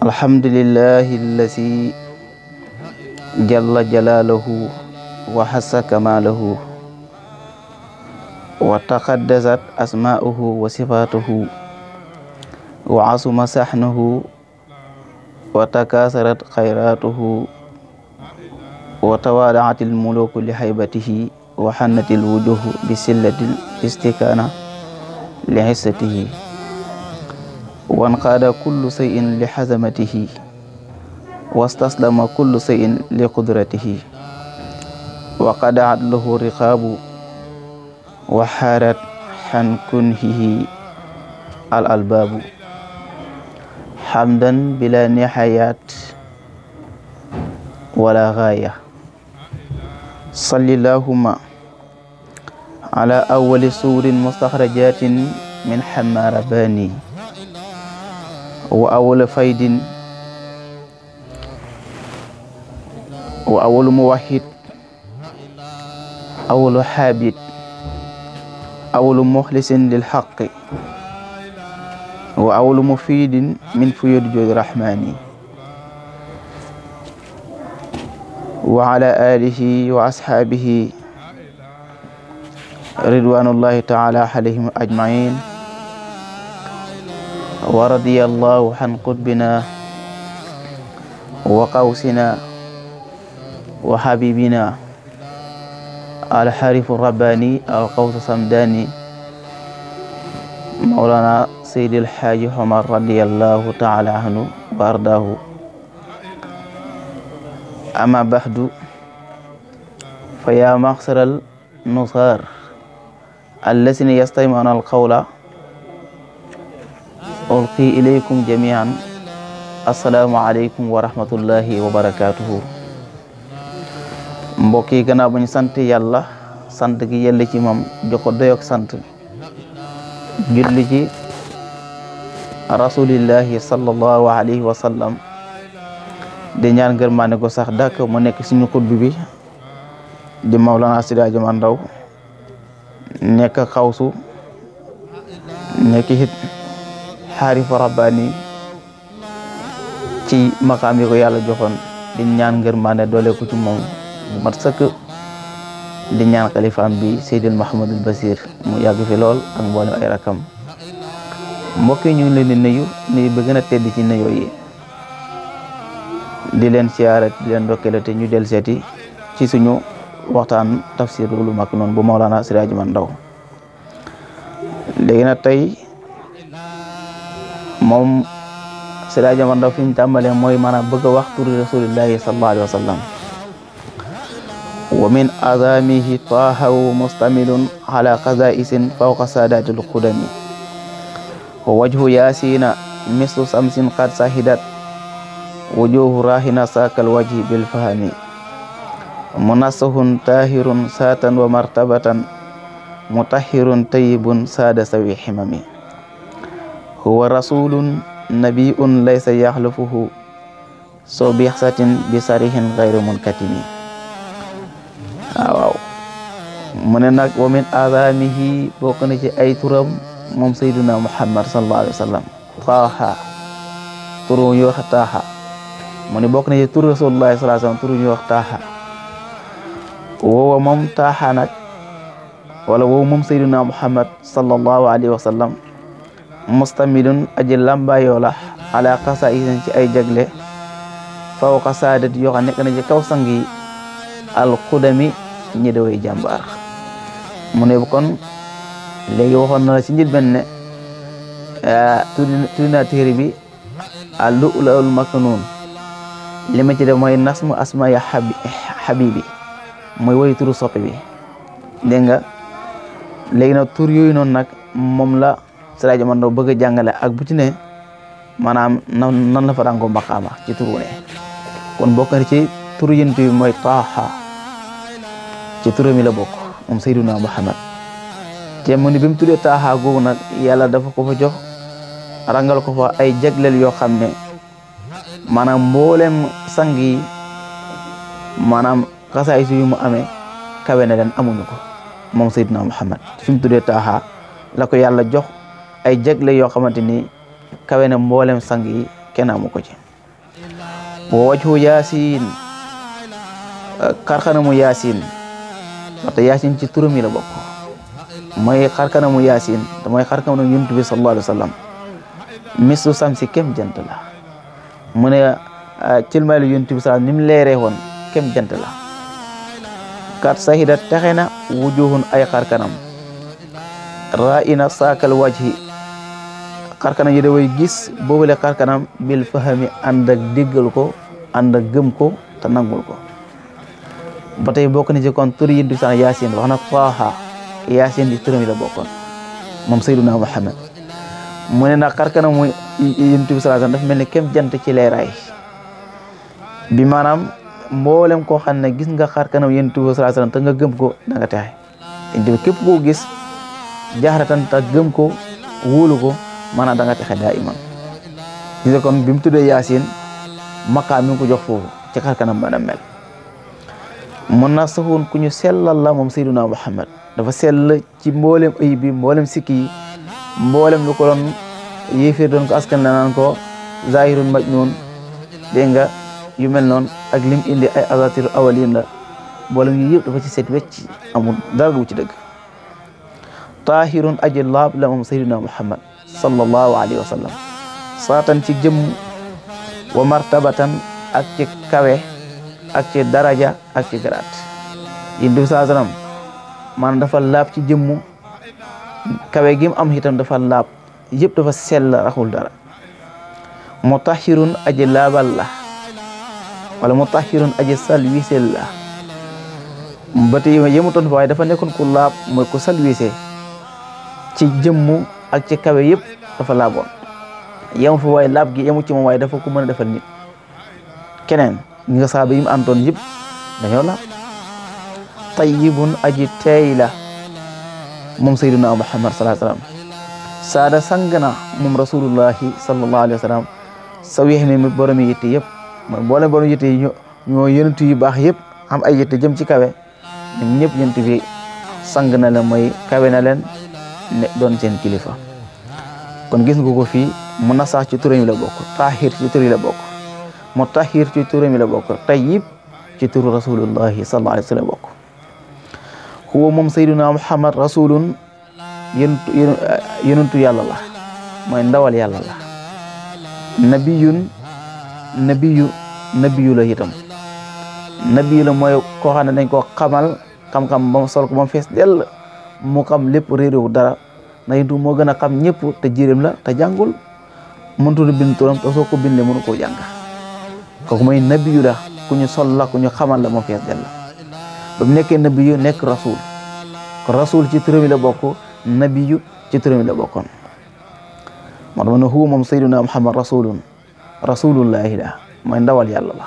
الحمد لله الذي جل جلاله وحس كماله وتقدست أسماؤه وصفاته وعصم سحنه وتكاثرت خيراته وتوالعت الملوك لهيبته وحنت الوجوه بسلة الاستكانة لعزته وانقاد كل شيء لحزمته واستسلم كل شيء لقدرته وقد عدله رقاب وحارت عن كنهه الألباب حمدا بلا نهايات ولا غاية صل اللهم على أول سور مستخرجات من حمار باني وأول فايد وأول موحد أول حابد أول مخلص للحق وأول مفيد من فيود جود الرحمن وعلى آله وأصحابه رضوان الله تعالى عليهم أجمعين ورضي الله عن قطبنا وقوسنا وحبيبنا الحريف الرباني القوس الصمداني مولانا سيد الحاج عمر رضي الله تعالى عنه وارضاه أما بعد فيا مخسر النصار الذين يستمعون القول ulqi ilaykum jami'an assalaamu aleykum wa rahmatullahi wa barakatuhu mbokk yi gannaaw ba sant yàlla sant gi yàlla ci moom joko doyok sant julli ci rasulillahi sallallahu alayhi wa sallam di ñaan ngërmaane ko sax dàkk mu nekk suñu xutbi bi di Maulana Seydi Hadji Oumar Ndaw nekk xawsu nekk hari Farabani, ci makami yi ko yalla joxon di ñaan mané dole ko ci mom bu mat sëkk di ñaan bi al Basir mu yàgg fi lol ak mbolé ay rakam mbokk ñu ngi leen di nuyu ni bëgg na tedd ci nuyoo yi di leen siyaare di leen ndokkeele ñu del ci suñu waxtaan tafsir lu bu Ndaw na tay mom sira Omar Ndaw fiñ tambale moy mooy bëgg a waxtu rasulullah sallallahu alaihi wasallam wa min azamihi taha wa mustamilun ala qazaisin fawqa saadaati qudami wa wajhu yaasina mislu samsin qad sahidat wujuhu rahina sakal waji bil fahmi munassahun tahirun satan wa martabatan mutahhirun tayyibun sada sawi himami هو رسول نبي ليس يخلفه سو بيحسات بصريح غير منكتم آه، واو من نك ومن اعظمه بوكن اي تورم موم محمد صلى الله عليه وسلم طه ترون يو طه من بوكن اي رسول الله صلى الله عليه وسلم ترون يو طه وهو موم طه نك محمد صلى الله عليه وسلم mustamilun aji lamba yola ala kasa isan ci ay jagle fawqa saadat yo xam kan na ci kaw al qudami ni ñi way jambar mune bu kon léegi waxoon na la ci njëlbeen ne eh, tuddi naa téere bi al-lu'lu'ul maknun lima ci def moy nasmu asma ya habibi moy way turu sopi bi dégg nga léegi tur yoy non nak mom la Siraajo man doo bëgg a jàngale ak bu ci ne maanaam na nan la fa dàngoo ci turu ne kon bokk ci turu yent bi mooy Taaha ci turu mi la bokk moom Sayyiduna Muhammad te mu ni mu tuddee taxa googu nag yàlla dafa ko fa jox rangal ko fa ay jagleel yoo xam ne maanaam mboolem sang yi maanaam xasaay si yu mu amee kawe na leen amuñu ko moom Sayyiduna Muhammad fi mu tuddee Taaha la jox. ay jagle yoo xamante ni kawe na mboolem sang yi mu ko ci wa wajhu yaasin xarkanamu yaasin waxte yaasin ci turam yi la bokk mooy xarkanamu yaasin te mooy xarkanamu yonent bi sallallahu alayhi wa sallam mislu samsi kem jant la mu ne ah, cilmaylu yonent bi sallam leeree woon kem jant la kat sahida texe na wujuhun ay xarkanam raina saakal wajhi xarkanam yi da way gis boobule xarkanam bil fahami ànd ak déggal ko ànd ak gëm ko te nangul ko ba tey bokk na ci kon tur yi du sax yaasin wax na taaha yaasin di turam yi la bokkoon moom sayyiduna Muhammad mu ne nag xarkanam mu yonent bi sallallahu alayhi wasallam daf mel ni kem jant ci leeraay bi maanaam mboolem koo xam ne gis nga xarkanam yonent bi sallallahu alayhi wasallam te nga gëm ko da nga texe yonent bi képp koo gis jaxaratan te gëm ko wóolu ko maanaam da nga texe daa iman gis nga kon bi mu tuddee yaasin makkaam mi ngi ko jox foofu ci xar kanam mën a mel mën na saxoon ku ñu sellal la moom sayduna muhammad dafa sell ci mboolem ayib mboolem sikki yi mboolem lu ko doon yéeféer doon ko askan la naan ko zahirun majnun dégg nga yu mel noonu ak lim indi ay azatiru awalin la mboolem yu yëpp dafa ci set wecc amul dara du ci dëgg tahirun aji laab la moom sayduna muhammad sallallahu alayhi wa saatan ci jëmm wa martabatan ak ci kawe ak ci daraja ak ci garaat yindi bi saa sallam dafa laab ci jëmm kawe gim am itam dafa laab yëpp dafa sell raxul dara mutahirun aji laabal la wala mutahirun aji salwisel la ba tey yëmutoon fa waaye dafa nekkoon ku laab mooy ku salwise ci jëmm ak ci kawé yépp dafa laaboon yem fu way lab gi yemu ci moom way dafa ko mëna a defal nit kenen ñi nga yi mu àndoon yépp dañu la tayyibun aji tayla mom sayyiduna muhammad sallallahu Alaihi wasallam saada sangana mom rasulullah sallallahu Alaihi wasallam sawih yeex ne borom yitte yëpp mooy boole borom yitté ñoo yenentu yu baax yépp am ay yitté jëm ci kawé ñepp ñëpp bi sang na la may kawé na len doon seen kilifa kon gis nga ko fi mu nasax ci turam la bokk taahir ci tur la bokk mu taahir ci turam yi la bokk tayyib ci turu rasulullahi sallallahu alayhi wa sallam bokk huwa moom sayduna muhammad rasulun yentu yenentu yàlla la mooy ndawal yàlla nabiyun nabiyu nabiyu la mooy koo xam ne dañ koo xamal xam-xam ba mu ba mu fees dell moo xam lépp réeréwu dara ndax yonent moo gën a xam ñëpp te jiréem la te jàngul mënutu bind turam te soo ko bindee mënu ko jàng ko mooy nabi yu la ku ñu sol la ku ñu xamal la moo fees dell ba mu nekkee nekk rasul ko rasul ci turam la bokk nabi ci turam la bokkoon moo tax ma ne huwa moom sayyiduna muhammad rasulun rasulullahi la mooy ndawal yàlla la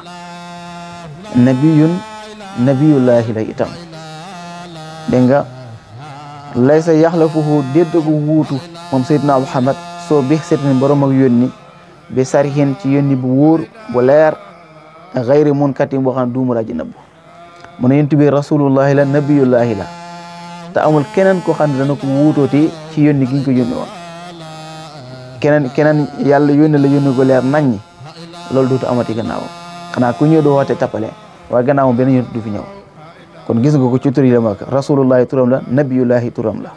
nabiyun nabiyullahi la itam dégg laysa yaxlafuhu déet ak wuutu moom Seydina Muhammad soo bi seetan borom ak yónni bi sarihin ci yónni bu wóor bu leer xayri munkatim boo xam ne duumu laa ji nëbb mu ne yonent bi rasulullahi la nabiyullahi la te amul keneen koo xam ne dana ko wuutooti ci yónni gi ñu ko yónni woon keneen keneen yàlla yónni la yónni ko leer naññi loolu dootu amati gannaawam xanaa ku ñëw doo woote tappale waaye gannaawam benn yónni du fi ñëw kon gis nga ko ci tur lamak rasulullahi turam la nabiyullahi turam la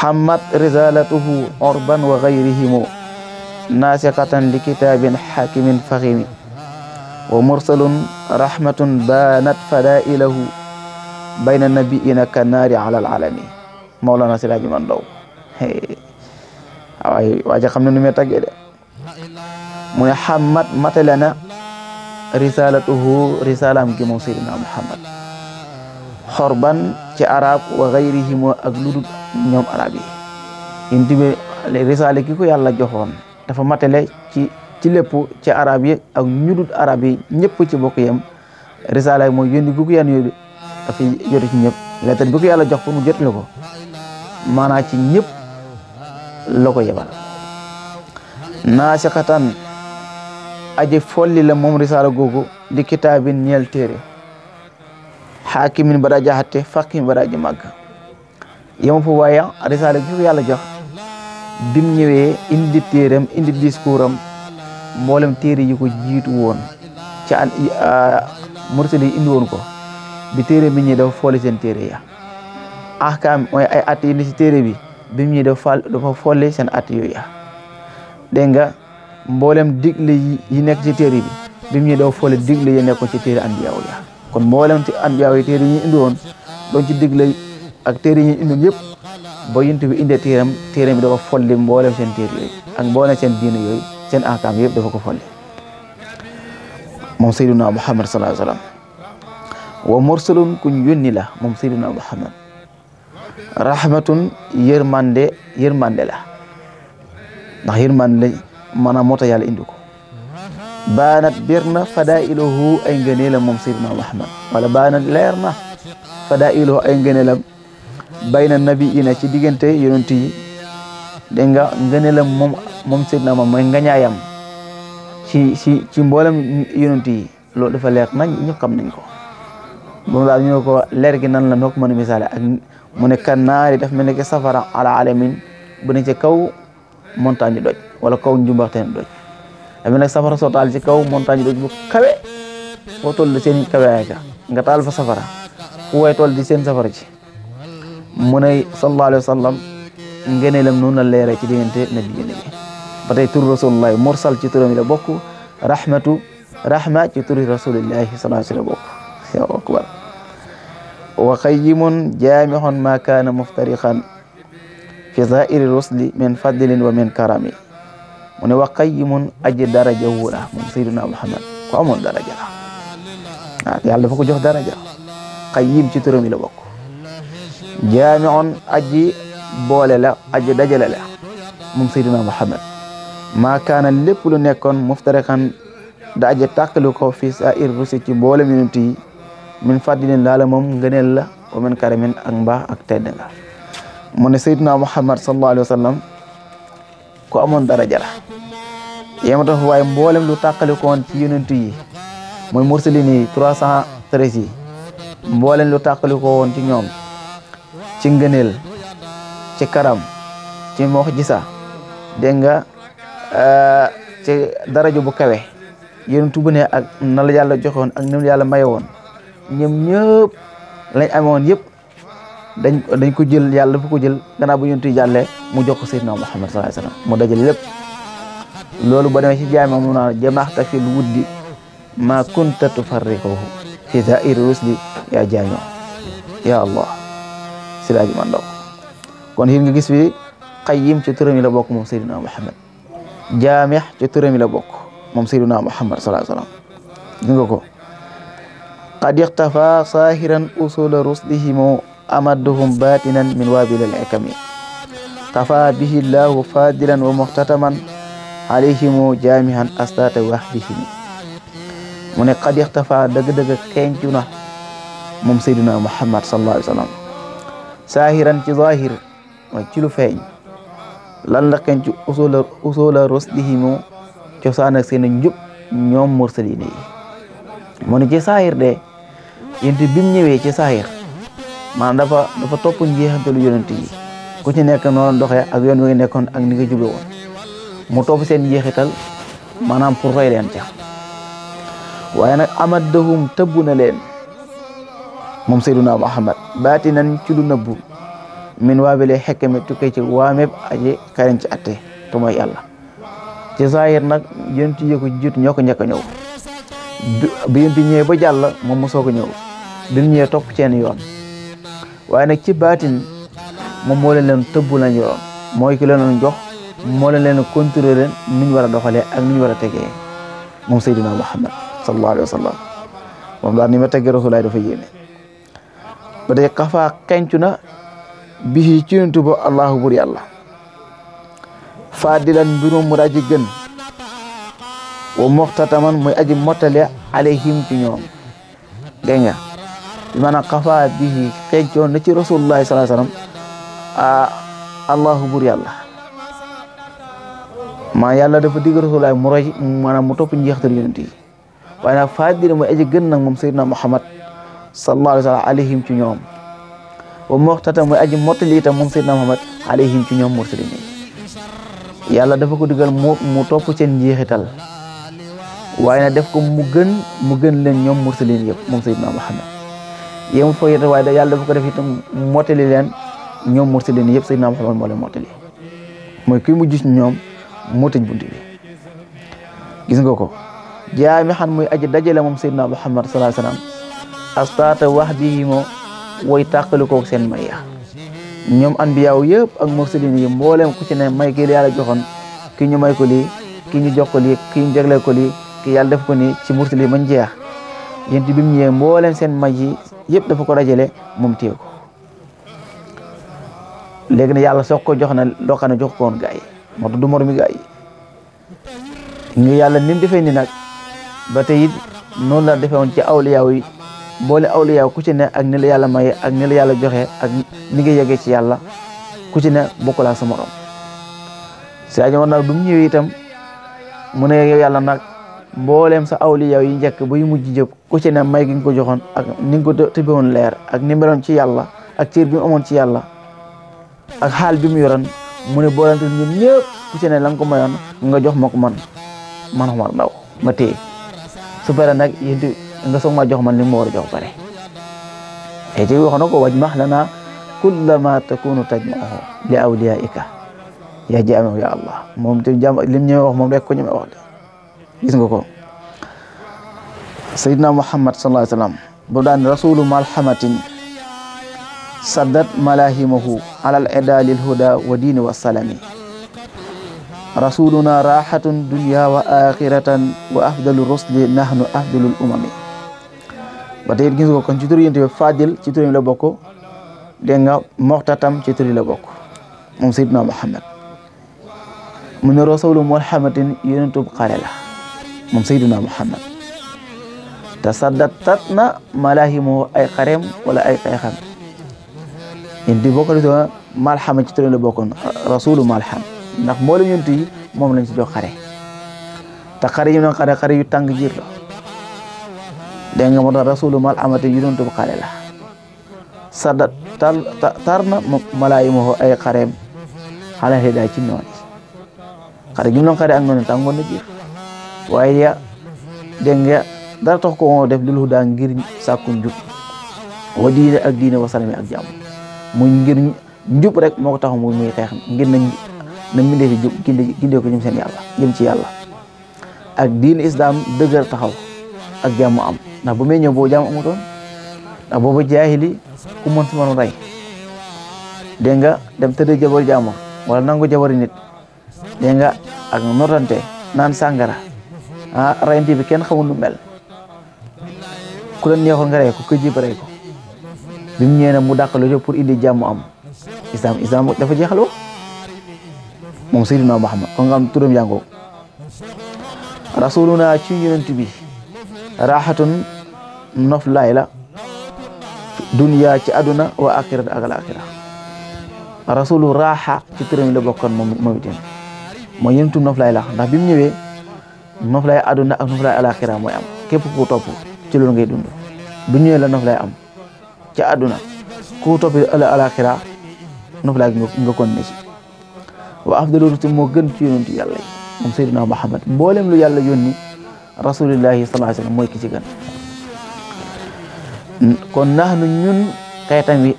hammat risalatuhu urban wa gayrihimu nasiqatan li kitabin hakimin fahimi wa mursalun rahmatun banat fadailahu bayna nabiina kanaari ala alalami mawlana sila bi man daw waaye waaja xam ne nu me tàggee de mu ne risalatuhu risalaam gi moom sayyidina muhammad xorban ci arab wa gayrihim ak ludul ñoom arab yi yonent bi risaale gi ko yàlla joxoon dafa matale ci ci lépp ci arab yi ak ñudut arab yi ñëpp ci bokk yem risaale mooy yónni gu ko yan yóbbu dafa jotu ci ñëpp lettre bi ko yàlla jox pour mu jot la ko ci ñëpp la ko yebal naasixatan aje folli la moom risala googu li kitaabin ñeel téere xaakimin ba daa jaxate faqimin ba daa ji màgg yema gi ko yàlla jox bim ñëwee indi téeram indi discours am mboolem téere yi ko jiitu woon ci an mursal yi indi woon ko bi téere bi ñi dafa folli seen téere ya ahkaam mooy ay at yi ni si téere bi bim ñi folli seen at yooyu ya mboolem digle yi nekk ci téere bi bi mu ñuy daw foole digle yi nekkoon ci téere anbiyaaw ya kon mboolem ci anbiyaaw yi téere yi ñu indi woon doon ci digle ak téere yi ñu indi woon yëpp ba yonent bi indee téeram téeram bi dafa folli mboolem seen téere yooyu ak mboolem seen diine yooyu seen ahkaam yëpp dafa ko folli moom sayyiduna Muhammad sallallahu alayhi wa sallam wa mursalun kuñ yónni la moom sayyiduna Muhammad rahmatun yërmande yërmande la ndax yërmande la mën a mota yàlla indi ko baanat bir na fadailuhu ay ngëneelam moom sayyidina Muhammad wala baanat leer na ilo ay ngëneelam bayna nabiina ci diggante yonent yi dégg nga ngëneelam moom moom sayyidina moom mooy ngañaayam ci ci ci mboolem yonent yi loolu dafa leer nañ ñëpp xam nañ ko moom daal ñu ko leer gi nan la noo ko mën a ak mu ne kan naari daf mel ne safara ala alamin bu ne ci kaw montagne doj wala kaw njumbaxteen doj amee nag safara soo taal ci kaw montagne doj bu kawe foo toll di seen kaweyaay ka nga taal fa safara fu way toll di seen safara ci mu ne sallallahu alayhi wa sallam ngeneelam noonu la leere ci diggante nabi yéen bi ba tey tur rasulullahi mursal ci turam yi la bokk rahmatu rahma ci turi rasulillahi sallallahu alayhi wa sallam bokk wa qayyimun jaamihun ma kaana muftariqan fi zairi rusli min fadlin wa min karami mu ne wa qayyimun aji daraja wu la moom sayyiduna Muhammad ko daraja la waaw ah, yàlla dafa ko jox daraja qayyim ci turam yi la bokk jaami'un aji boole la aji dajale la moom sayyiduna Muhammad maa kaana lépp lu nekkoon muftariqan da aji tàkkalu ko fi saa'ir rusi ci boole minute yi min fadlin laala moom ngëneel la wa min karamin ak mbaax la mu ne Seydina Muhammad sallallahu alayhi wa sallam ku amoon daraja la yemata fa waaye mboolem lu tàqalikoon ci yonent yi mooy mursalin yi trois cent treize yi mboolem lu tàqalikoo woon ci ñoom ci ngëneel ci karam ci moox gisa dégg nga euh, ci daraja bu kawe yonent bu ne ak na la yàlla joxe woon ak ni mu yàlla maye woon ñoom ñëpp lañ amoon yëpp dañ dañ ko jël yàlla dafa ko jël gannaaw bu yonent yi jàllee mu jox ko Seydina Muhammad sallallahu alayhi wasallam mu dajale lépp loolu ba demee ci jaama mu na jamaxta fil wuddi ma kunta tufarriquhu fi zairi rusli yaa jaañoo ya allah si laa ji kon xiin gis fi qayyim ci turam yi la bokk moom Seydina Muhammad jaamix ci turam yi la bokk moom Seydina Muhammad sallallahu alayhi wasallam gis nga ko qad ixtafa saahiran usula ruslihi moo أمدهم باتنا من وابل الحكم كفى به الله فاضلا ومختتما عليهم جامعا أستاذ وحدهم من قد اختفى دق دق كينجنا moom Seydina Muhammad sallallahu alayhi wa sallam ci zaahir mooy ci lu feeñ lan la kenn ci usula usula rusdihimu cosaan njub ñoom mursalina yi mu ne ci saahir de yent bi mu ñëwee ci saahir maanaam dafa dafa topp njeexantalu ti yi ku ci nekk noonu doxee ak yoon wi nekkoon ak ni nga jublu mu topp seen jeexital maanaam pour roy leen ca waaye nag amaddahum tëbb na leen moom Seyduna Muhammad baati nan ci lu nëbbu min waabilee xekke mi tukkee ci waameeb aji karen ci atte te mooy yàlla ci zahir nag yonent yi ko jiitu ñoo ko njëkk a ñëw bi yonent ñëwee ba jàll moom mosoo ko ñëw bi mu ñëwee topp seen yoon waaye nag ci baatin moom moo leen leen tëbbu lañ yoroon mooy ki leen doon jox moo leen leen contrôler ni ñu war a doxalee ak ni ñu war a tegee moom Seydina Muhammad sallallahu alayhi wa sallam moom daal ni ma teggee rasulaay dafa yéene ba tey xafaa xencu na bi ci yonent ba allahu bur yàlla faadilan mbirum mu daaji gën wa moxtataman muy aji mottale alayhim ci ñoom dégg nga bi maanaam xafa bihi xeeñcoon na ci rasulullahi sallallahu alayhi wasallam a ah, allahu bur yàlla maa yàlla dafa digg rasulullahi mu maanaam mu topp njeextal yonent yi waaye nag faadina mooy aji gën nag moom sayyidina muhammad sallallahu alayhi wa sallam alayhim ci ñoom wa moxtata mooy aji mottali itam moom sayyidina muhammad ci ñoom mursalin yàlla dafa ko digal mu mu topp seen njeexital waaye def ko mu gën mu gën leen ñoom mursalin yëpp moom sayyidina muhammad yéemu foo yéen waaye da yàlla dafa ko def itam mottali leen ñoom mursalin yëpp Seydina Muhammad moo leen mottali mooy kuy mujj ci ñoom moo tëj bunt gis nga ko jaami xan muy aji dajale moom Seydina Muhammad sallallahu alayhi wasallam astaata wahdihi moo way tàqali koog seen may ya ñoom anbiyaaw yëpp ak mursalin yi mbooleem ku ci ne may gi yàlla joxoon ki ñu may ko lii ki ñu jox ko lii ki ñu jagleel ko lii ki yàlla def ko nii ci mursalin mañ jeex yéen bi mu ñëwee mbooleem seen may yi yëpp dafa ko dajale moom téye ko léegi ne yàlla soog ko jox na doxana jox ko woon gaa yi moo tax du moromi gaa yi ngi yàlla ni mu defee ni nag ba tey it noonu la defe woon ci awliyaaw yi boole awliyaaw ku ci ne ak ni la yàlla maye ak ni la yàlla joxe ak ni nga yeggee ci yàlla ku ci ne bokkul ak sa morom si ajo war nag du mu ñëwee itam mu yàlla nag mboolem sa awliya yi njëkk buy mujj jëpp ku ci ne may gi ko joxon ak ni ko tëbe won leer ak ni meloon ci yalla ak ciir bi amon ci yalla ak hal bi mu yoron mu ne boolem te ñoom ñëpp ku ci ne lang nga ko mayon nga jox mako man man Omar Ndaw ma tey su bare nak yindi nga so ma jox man li mo wara jox pare e ci waxon ko waj mahlana kullama takunu tajmaahu li awliyaika ya jaami ya allah mom tim jam lim ñew wax mom rek ko ñu wax gis nga ko sayidna muhammad sallallahu alayhi wa bu daan rasulu malhamatin saddat malahimahu alal edalil huda wa diini wa salami rasuluna rahatun dunya wa akhiratan wa afdalu rusli nahnu afdalul umami ba tey gis nga ko kon bi Fadil ci tur yi la bokk dégg nga moxtatam la bokk moom Seydina Muhammad mu ne rasulu Muhammadin yonentub xare mom sayduna muhammad tasaddatna malahimu ay kharem wala ay ay indi malham do malham ci turam bokon rasul rasulu ndax mo yonent ñunti mom lañ ci jox xare ta xare yi xare xare yu tang jir la de nga mo rasul rasulu te yu doon xare la saddat tar malahimu ay kharem ala hidaa ci noonu xare gi mu xare ak waye ya deng ya dara tax ko def lu huda ngir sàkku njub wadi ak diine wa salami ak jàmm muy ngir njub rek moko tax muy muy xeex ngir na na minde fi jub gindee ko ñum seen yalla jëm ci yalla ak diine islam dëgër taxaw ak jàmm am na bu may ñëw boo jàmm amutoon ndax boobu jaahili ku mën fi mënoon rey dégg nga dem tëdd jabar jàmm wala nangu jabar nit denga ak notante nan sangara ah reyante bi kenn xamul lu mel ku leen neexoon nga rey ko ku jiib rey ko bi mu ñëwee nag mu dàqaloo yëpp pour indi jàmm am islam islam dafa jeexal wax moom Seydina Muhammad kon nga am turam yàngoo rasuluna ci yonent bi raaxatun nof laay duniya ci aduna wa akhirat ak alaxira rasulu raaxa ci turam yi la bokkoon moom moom itam mooy yonentu nof laay ndax bi ñëwee noflaay àdduna ak noflaay alaxira mooy am képp ku topp ci loolu ngay dund bu ñëwee la noflaay am ci àdduna ku topp ala alaxira noflaay nga kon ci wa afdalu rusul moo gën ci yonent yàlla yi moom Muhammad mboolem lu yàlla yónni rasulillahi sallallahu alayhi wa mooy ki ci gën kon nax nu ñun xeetam wi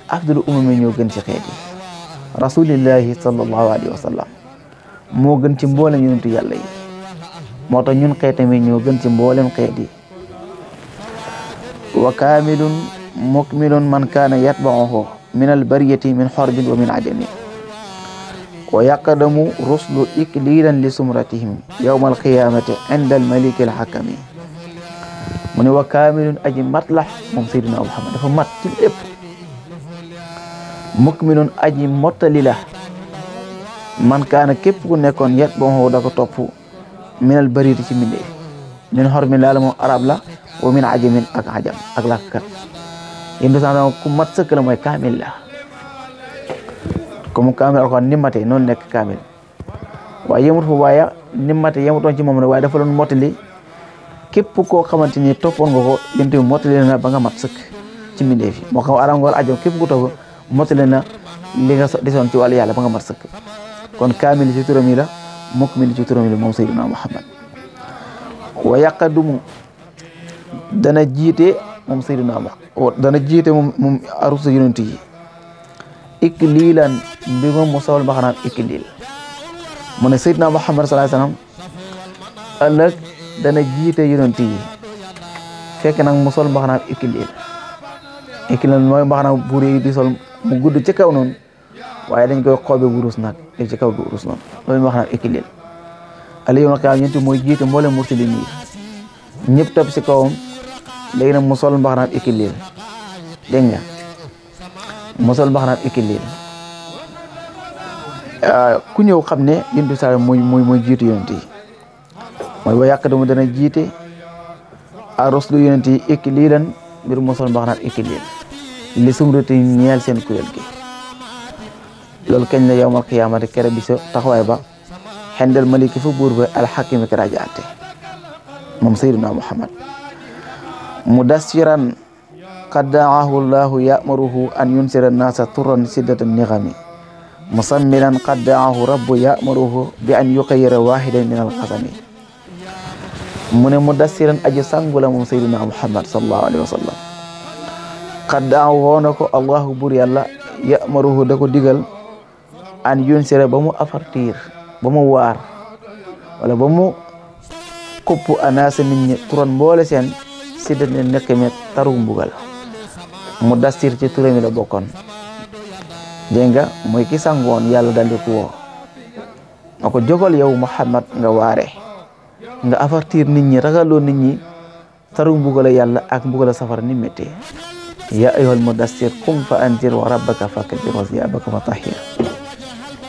gën ci xeet yi moo gën ci mboolem yonentu yàlla yi moto ñun xeet mi ñoo gën ci mbolem xeet yi wa kamilun mukmilun man kana yatba'uhu min al bariyati min harbin wa min adami wa yaqadamu ruslu iklilan li sumratihim al qiyamati inda malik al hakim mun wa kamilun aji matlah la moom muhammad dafa mat ci lepp mukminun aji motalila man kana kep ku nekkon yat ba da ko topu minal bariri ci mbindee min xor min laala moom arab la wa min ak ajam ak làkkat du sama ku mat sëkk la mooy kaamil la comme kaamil alxuraan ni mate nekk kaamil waaye yemut fa waaye ni mate yemutoon ci moom rek waaye dafa doon mottali képp koo xamante ni toppoon nga ko yéen tamit ba nga mat sëkk ci mbindee fi moo xam arab nga wala ajam képp ku topp mottali li nga desoon ci wàllu yàlla ba nga mat sëkk kon kaamil ci turam mukk mi li ci turam li moom sayyidina Muhammad wa yaqadumu dana jiite moom sayyidina Muhammad dana jiite moom moom arusu mu sawal mbaxanaam iklil mu ne sayyidina Muhammad sallallahu alayhi wasallam ëllëg dana jiite yonent yi fekk nag mu sol mbaxanaam iklil iklil mooy mbaxanaam buur yi di sol mu gudd ci kaw noonu waaye dañ koy xoobe wurus nag teg ci kaw gu urus noonu loolu wax naan équilibre Aliou yawmal qiyaama mooy jiite mboolem murtadin yi ñëpp topp si kawam léegi nag mosol sol mbaxanaam équilibre dégg nga mu ah, ku ñëw xam ne yonent bi saa mooy mooy mooy jiitu yi mooy wa yàq dama jiite a ruslu yonent yi équilibre mbir mu sol mbaxanaam équilibre li sumrati ñeel seen kuréel ki loolu kañ la yowmal qiyaamati kere bi sa taxawaay ba xendal maliki fa buur ba alxakimi ki raja atte moom sayyiduna muhammad mudassiran qad daahu llahu ya'muruhu an yunsira nnaasa turran siddata nigami musammilan qad daahu rabbu ya'muruhu bi an yuxayyira waahidan min alxasami mu ne mudassiran aji sangu la moom sayyiduna muhammad sallallahu alayhi wa sallam qad daahu woo na ko allahu buur yàlla ya'muruhu da ko digal an yun ba mu afartir ba mu wala ba mu anase anaasa nit ñi turon mboole seen si da nek met taru mbugal mu dastir ci turam mi la bokon denga moy ki sangoon yàlla ko wo yow Muhammad nga waré nga afartir nit ñi ragalo nit ñi taru mbugal yalla ak mbugal safar ni ya ayyuhal mudassir qum fa anzir wa rabbaka fakbir wa fatahir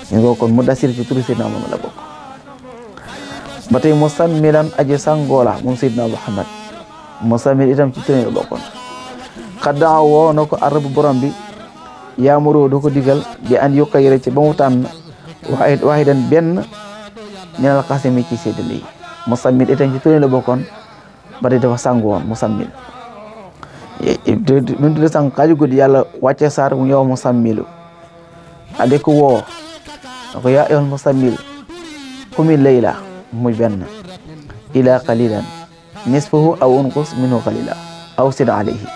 ngo kon mo ya ya ci turu sidna muhammad la bok batay musammilan aje sangola moom sidna muhammad musammil itam ci turam la bokkoon xaddaa woo arab borom bi yaamuroo do ko digal bi an yukayre ci bamu tan wahid wahidan ben nyal benn ci sidli yi musammil itam ci turam la bokkoon batay dafa sangu woon musammil mun tudd ya, sang kaju gudi yalla wacce sar mu yow musammilu ade ko wo na ko yaa ayyuhal muzammil qumi layla muy benn ila qalilan nisfahu aw unqus minhu qalila aw sid alayhi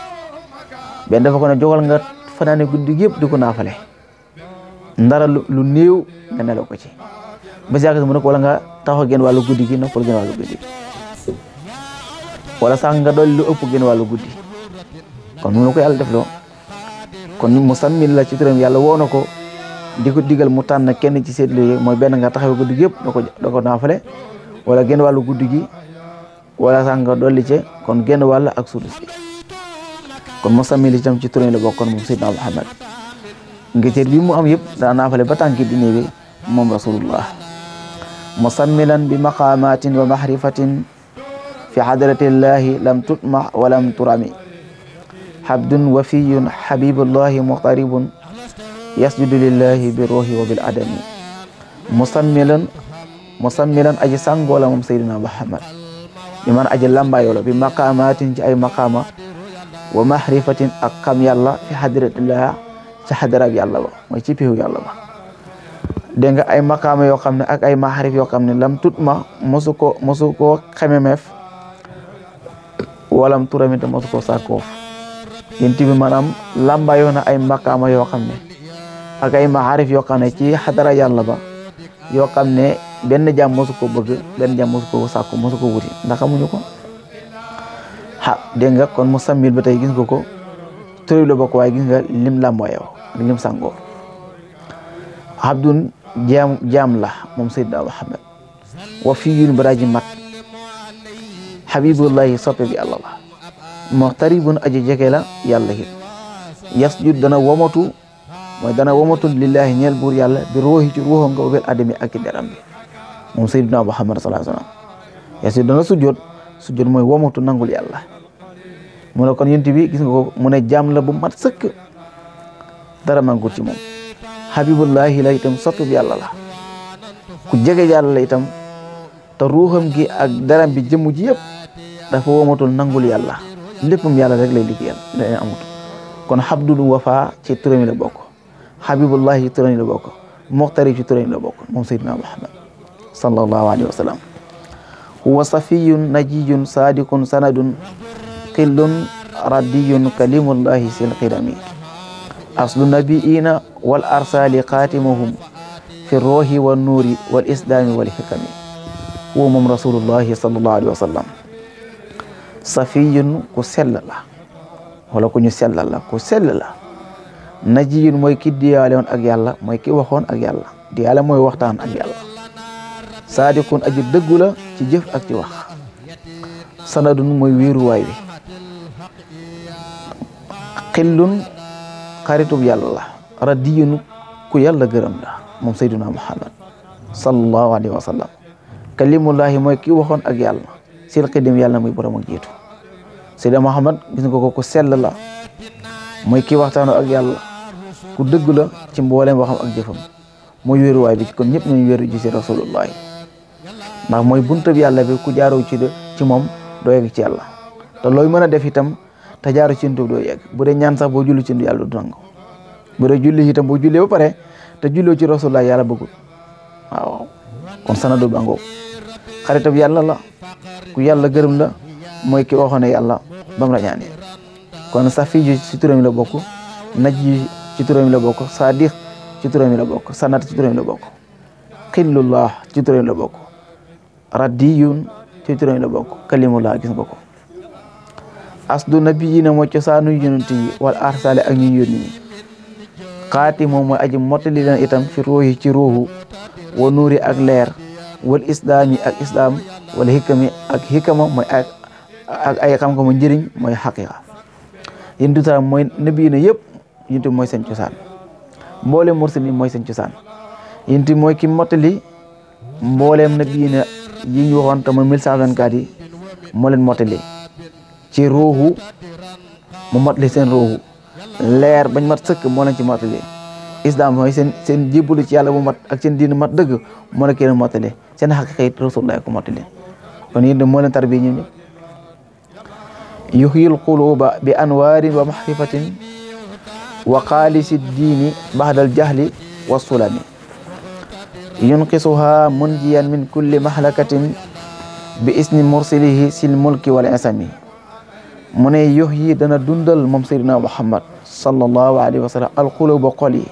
benn dafa ko ne jógal nga fanaane guddi yëpp di ko naafale ndara lu néew nga nelaw ko ci bés yàgg mu ne ko wala nga taxaw genn wàllu guddi gi noppal genn wàllu guddi wala nga dolli lu ëpp genn wàllu guddi kon mu ne ko yàlla def loo kon musammil la ci turam yàlla woo na ko di ko digal mu tànn kenn ci seen liggéey mooy benn nga taxaw guddi gi yëpp da ko da wala genn wàllu guddi gi wala sax dolli ci kon genn wàll ak suudu si kon mosamili itam ci turam la bokkoon moom Seydina Muhammad nga cër bi mu am yëpp daa naafale ba tànki di néewee moom rasulullah musammilan bi maqamatin wa mahrifatin fi hadratillahi lam tutma wa lam turami habdun wafiyun habibullahi muqtaribun yasjudu lillahi bi ruhi wa bil adami musammilan musammilan aji sangola mom sayyidina muhammad iman aji lambayolo bi maqamatin ci ay maqama wa mahrifatin akam yalla ya fi hadratillah ci hadarab yàlla ya ba mooy ci pihu yalla ya ba de nga ay maqama yo xamne ak ay mahrif yo xamne lam tutma musuko musuko xamemef walam turamita musuko koo yentibi manam lambayo na ay maqama yo xamne ak ay maarif yoo xam ne ci xadara yàlla ba yoo xam ne benn jàmm mosu ko bëgg benn jàmm mosu ko sàkku mosu ko wuti ndax amuñu ko xa dégg nga kon mu sammil ba tey gis nga ko turi la ko waaye gis nga lim làmboo yow lim sàngoo abdun jaam jaam la moom Seydina Muhammad wa fiyun baraji mat habibullahi soppe bi àlla la muxtaribun aji jege la yàlla it yasjud moy dana womatude lillahi ñeel bur yalla bi ruuxi ci ruho nga wel adami ak deram bi moom sayyidina Muhammad sallallahu alayhi wasallam ya si sujud sujud moy womatu nangul yalla mu la kon yonent bi gis nga ko mu ne jam la bu mat seuk dara mangut ci mom habibullahi la itam sottub yalla la ku jege yalla la itam ta ruuxam gi ak deram bi jëmm ji yeb dafa womatul nangul yalla leppum yalla rek lay day amut kon habdul wafa ci turam la bokk xabibullah ci turam yi la bokk muxtar yi ci turam yi la bokk moom saydina muhammad sallallahu alayhi wa sallam huwa safiyun najiyun saadiqun sanadun qillun raddiyun kalimullahi sil qidami aslu nabiina wal arsali xaatimuhum fi ruuhi wal nuuri wal islaami wal xikami huwa moom rasulullahi sallallahu alayhi wa sallam safiyun ku sell la wala ku ñu sellal la ku sell la najiyun mooy ki diyaale woon ak yàlla mooy ki waxoon ak yàlla diyaale mooy waxtaan ak yàlla saadikun aji dëggu la ci jëf ak ci wax sanadun mooy wéeruwaay bi xillun xaritub yàlla la radiyun ku yàlla gërëm la moom sayduna muhammad sallallahu alayhi wa sallam kalimullahi mooy ki waxoon ak yàlla sil xidim yàlla muy borom ak jiitu sayduna muhammad gis ko ko sell la ki waxtaanoo ak yàlla ku dëgg la ci mbooleem waxam ak jëfam mooy wéeruwaay bi ci kon ñëpp nañu yàlla bi ku jaaroo ci de ci moom doo yegg ci yàlla te looy mën a def itam te jaaru ci doo yegg bu dee ñaan sax boo julli ci yàlla du nangu bu dee julli itam boo jullee ba pare te julloo ci rasulullahi yàlla bëggul waaw kon sanadu bangoo xaritab yàlla la ku yàlla gërëm la mooy ki waxoon yàlla bam la ñaanee kon sax fii ji si la bokk naj ci turam yi la bokk sadiq ci turam yi la bokk sanat ci la bokk xillullah ci turam la bokk radiyun ci la bokk kalimullah gis nga ko asdu nabiyina mooy cosaanu yonent wal arsale ak ñu yónni mooy aji mottali leen itam fi ruuhi ci ruuhu wa nuuri ak wal islaami ak islaam wala xikami ak xikama mooy ak ay xam-xamu njëriñ mooy xaqiqa yéen du mooy nabiyina yëpp yonent moy mooy seen mbolé mbooleem moy yi mooy seen moy yonent bi mooy ki mottali mbooleem nabiina yi ñu waxon te mooy mille yi mo len motali ci ruuxu mu motali seen ruuxu leer bañ mat sëkk mo len ci motali islam moy seen seen jébbalu ci yalla bu mat ak seen diin mat deug mo la kenn motali seen xaqiqa it rasulullah ko motali kon yéen mo len tarbi ñu ñi yuhyil quluba bi anwarin wa mahrifatin wa xaalisi diini baxdal jahli wa sulami yunqisuha min kulli mahlakatin bi isni mursilihi sil mulki wal isami mu ne yi dana dundal moom seydina muhammad sallallahu alayhi wa sallam alquluba xol yi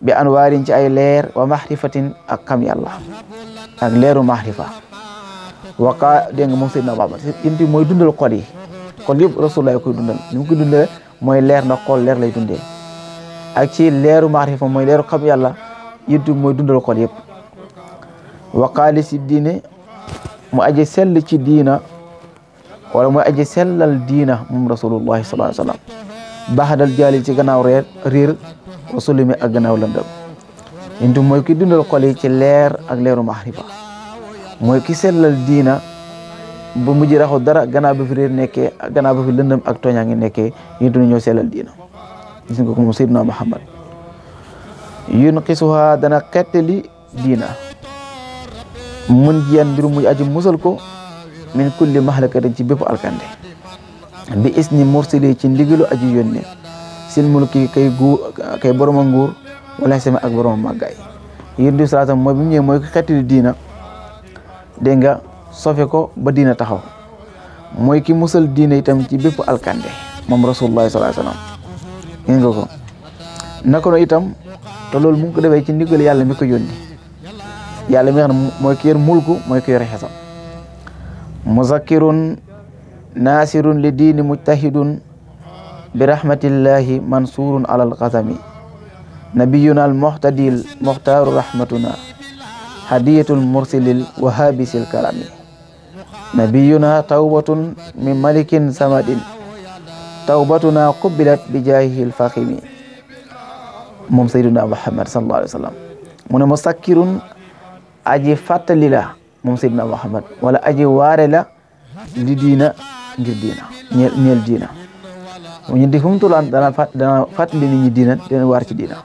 bi anwaarin ci ay leer wa mahrifatin ak muhammad yénti mooy dundal xol yi koy dundal mooy leer na xol leer lay dundee ak ci leeru maarifa mooy leeru xam yàlla yittu mooy dundal xol yëpp waqaali si diine mu aje sell ci diina wala mooy aje sellal diina moom rasulullahi sallallahu alayhi wa jaali ci gannaaw reer riir wasulumi ak gannaaw lëndëm intu mooy ki dundal kol yi ci leer a leeru maarifa mooy ki sellal diina ba mujj raxu dara gannaaw ba fi nekke nekkee gannaaw ba fi lëndëm ak tooñaa ngi nekkee yéen ñoo sellal diina gis nga ko moom Seydina Muhammad yunqisuha dana xettali diina mun jiyan mbir muy aji musal ko min kulli mahlakatin ci bépp alkande bi isni mursili ci ndigalu aji yónne sil mulki kay gu kay boroma nguur wala sama ak boroma màggaay yéen di salaatam mooy bi mooy ko diina dégg sofé ko ba dina taxaw moy ki musal dina itam ci bépp alkande mom rasulullah sallallahu alayhi wasallam ngeen ngoko nako no itam to lol mu ko dewe ci ndigal yalla mi ko yondi yalla mi xam mooy mulku moy ki yor xesam muzakkirun nasirun li din mujtahidun bi rahmatillah mansurun ala alqasami nabiyuna almuhtadil muhtaru rahmatuna hadiyatul mursilil wahabisil karami nabiyuna tawbatun min malikin samadin tawbatuna qubbilat bi jaahihi lfaqimi moom sayyiduna muhammad sallallahu alayhi wa sallam mu ne musakkirun aji fàttali la moom sayyiduna muhammad wala aji waare la li diina ngir diina ñeel diina ñu di diina dina ci diina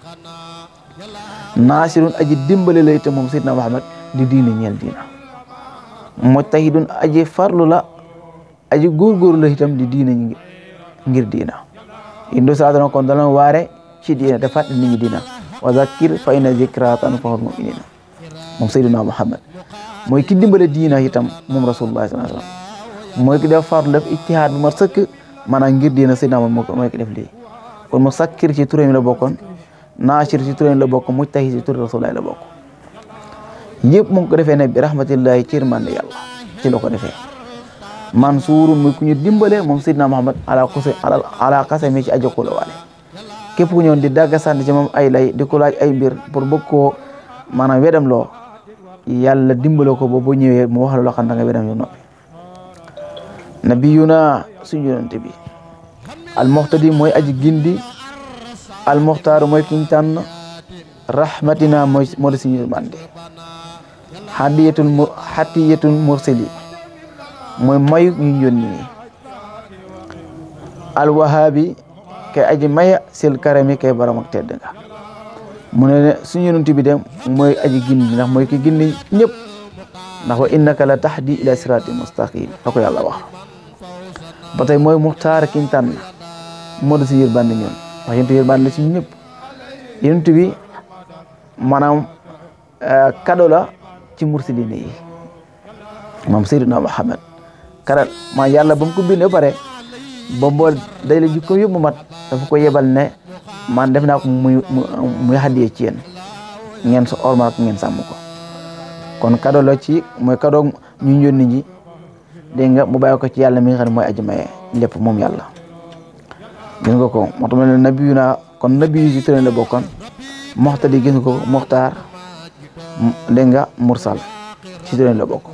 naasirun aji dimbale la itam moom sayyiduna muhammad di diina ñeel diina mujtahidun aji farlu la aji góorgóorlu la itam di diina ngir diina indo sadana kon dalan waare ci diina te fàttali nit ñi diina wa zakkir fa inna zikra tanfa'ul mu'minina moom sayyiduna muhammad mooy ki dimbale diina itam moom rasulullah sallallahu alayhi wasallam mooy ki def bu ma sëkk maanaam ngir diina sayyidina moom mooy ki def lii kon mu sakkir ci turam la bokkoon naashir ci turam la bokkoon mujtahid ci tur la bokkoon yëpp mu ngi ko defee nag bi rahmatullahi cër man yàlla ci la ko defee Mansuur muy ku ñu dimbale moom Sidna Muhammad ala kose ala kasami ci ajo kula waale képp ku ñëwoon di dagga sant ci moom ay lay di ko ay mbir pour bëgg koo maanaam wedam loo yàlla dimbale ko ba bu ñëwee mu wax la da nga wedam yu noppi nabiyuna suñu yonente bi almuhtadi mooy aji gindi almuhtaar mooy kiñ tànn rahmatina mooy moo di suñu yërmande xadiyatul mu xatiyatul mursali mooy mayu ñu yónni ñi alwahaabi kay aji maya sil karami kay baram ak tedd nga mu ne suñu yonent bi dem mooy aji gindi ndax mooy ki gindi ñëpp ndax wa innaka la tahdi ila sirati mustaqim la ko yàlla ba tey mooy muxtaar kiñ tànn moo da si yërmande ñoon ndax ci mursilina yi moom Seydina Muhammad karal maa yàlla ba mu ko bindee pare ba mbool day la jikko yëpp mu mat dafa ko yebal ne man def naa ko muy muy xaddiyee ci yéen ngeen so ormal ak ngeen sàmm ko kon kado ci mooy kado ñu yónni ñi dégg nga mu bàyyi ko ci yàlla mi nga xam mooy aji maye lépp moom yàlla gis ko moo tax ma ne nabiyuna kon nabi yi ci tërën la bokkoon moxtadi gis ko moxtaar dégg nga mursal ci doon la bokk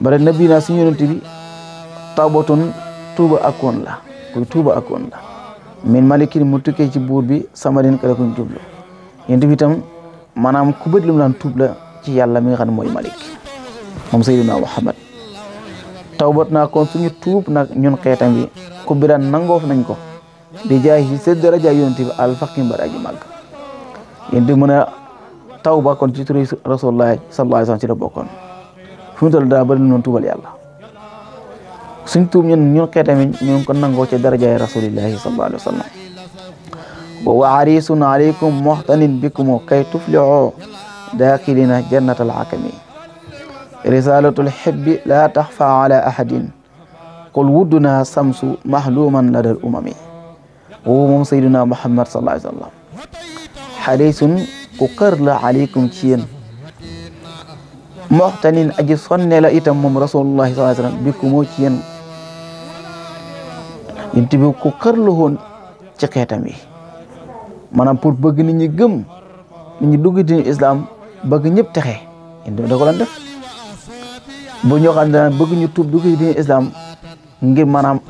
bare nabi naa suñu yonent bi tawbatun tuuba akoon la kuy tuuba akoon la min malikin mu tukkee ci buur bi samarin kada kuñ jublu yonent bi itam maanaam ku bëri lu mu daan tuub la ci yàlla mi nga xam ne mooy malik moom sayyidina muhammad tawbat naa kon suñu tuub nag ñun xeetam bi ku biraan nangoof nañ ko di jaay ci seen daraja yonent bi al faqim baraji màgg yonent bi tawba kon ci turi rasulullah sallallahu alayhi wasallam ci la bokkoon fu mu toll daa bëri noonu tuubal yàlla suñ tuub ñun ñun xeetam ñu ngi ko nangoo ci darajaay rasulillahi sallallahu alayhi wasallam wa harisun alaykum muhtanin bikum kay tuflihu daakilina jannatal hakami risalatul hibbi la taxfa ala ahadin qul wudduna samsu mahluman ladal umami wo moom sayyiduna muhammad sallallahu alayhi wasallam harisun kukar la aleykum chien muhtanin aji sonne la itam mom rasulullah sallallahu alaihi wasallam bi ku moo ci yéen yonent bi ku kër la ci xetam yi manam pour bëgg nit ñi gëm nit ñi dugg dinu islam bëgg ñëpp taxé yonent da ko lan def bu ñu xam dana bëgg ñu tuub dugg dinu islam ngir manam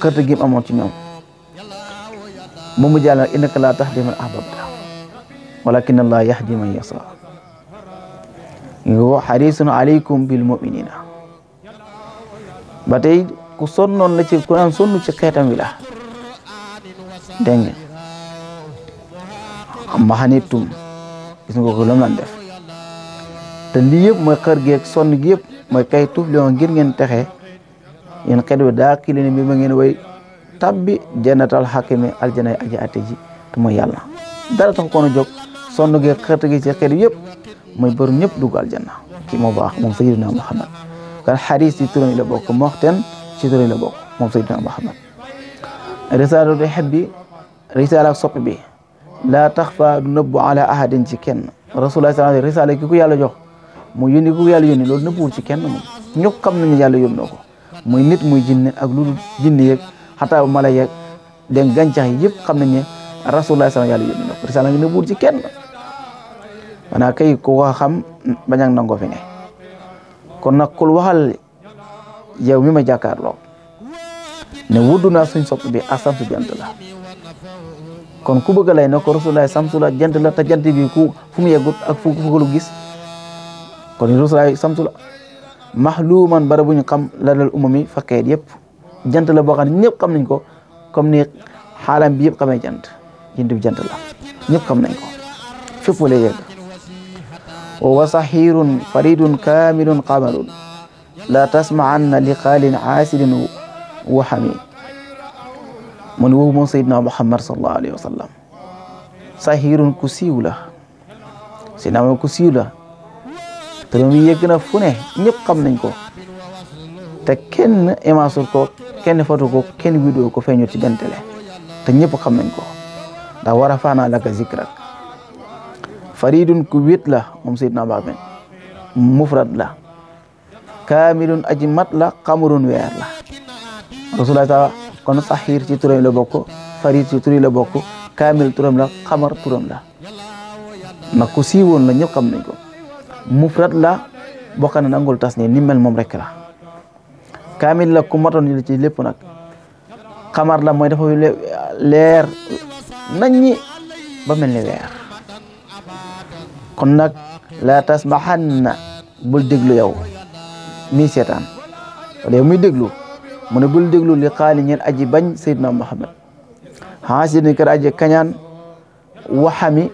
kër gi amon ci ñoom mu mu jàll innaka la tahdimu al ahbab walakin Allah yahdi man yasha go harisun alaikum bil mu'minina batay ku sonnon la ci quran sonnu ci xetam wi la Deng. amma hanitum gis nga ko lam lan def te lii yëpp mooy xër geeg sonn gi yeb moy kay tuf lo ngir ngeen taxé yen xet wi daa bi ma ngeen way tabbi jannatal hakimi aljanay ajati ate ji te mooy yàlla dara tax ko no jog sonn gi xeet gi ci xeet yëpp mooy borom ñëpp dugg aljanna kii moo baax moom sayyidina Muhammad kan xadis ci turam yi la bokk moxteen ci turam yi la bokk moom sayyidina Muhammad risalatu xeb bi risala ak sopp bi laa taxfa du nëbbu ala ahadin ci kenn rasulullah sallallahu alayhi risala ki ku yàlla jox mu yónni ku yàlla yónni loolu nëbbuwul ci kenn moom ñëpp xam nañu yàlla yónnoo ko muy nit muy jinne ak lu dul jinne yeeg xataa mala yeeg den gàncax yi yëpp xam nañ ne rasulullah sallallahu alayhi yàlla yónni na risala ngi ci kenn maanaam kay ko xam bañ a nango kon nag kul waxal yow mi ma jàkkaarloo ne wuddu na suñ sopp bi a jant la kon ku bëgg lay ne ko rasulaay samsu la jant la te jant bi ku fu yeggut ak fu ko lu gis kon rasulaay samsu la maxluuman bara bu ñu xam la dal umami fakkeet yëpp jant la boo xam ne ñëpp xam nañ ko comme ni xaalam bi yëpp xamee jant jant bi jant la ñëpp xam nañ ko fépp yegg وهو صحير فريد كامل قمر لا تسمعن لقال عاسر وحمي من woowu moom Seydina Muhammad sallallahu alayhi wa sallam sahirun ku siiw la Seydina ku siiw la te mi yegg na fu ne nañ ko te kenn émasul ko kenn foto ko kenn wideo ko feeñu ci benn télé te ñëpp nañ ko ndax war a faanaa laka faridun ku wét la moom sayyidna Muhammad mufrad la kaamilun aji mat la xamurun weer la rasulullah taala kon saxiir ci turam la bokk farid ci turi la bokk kaamil turam la xamar turam la na ku siiwoon la ñëpp xam nañ ko mufrad la bokk na nangul tas ni ni mel moom rek la kaamil la ku matoon ñu ci lépp nag xamar la mooy dafa leer nañ ba mel ni weer kon nak la tasmahanna bul deglu yow mi setan wala yow muy déglu mu bul deglu li xali ñen aji bañ sayyidna Muhammad hasidin kër aji kanyan wahami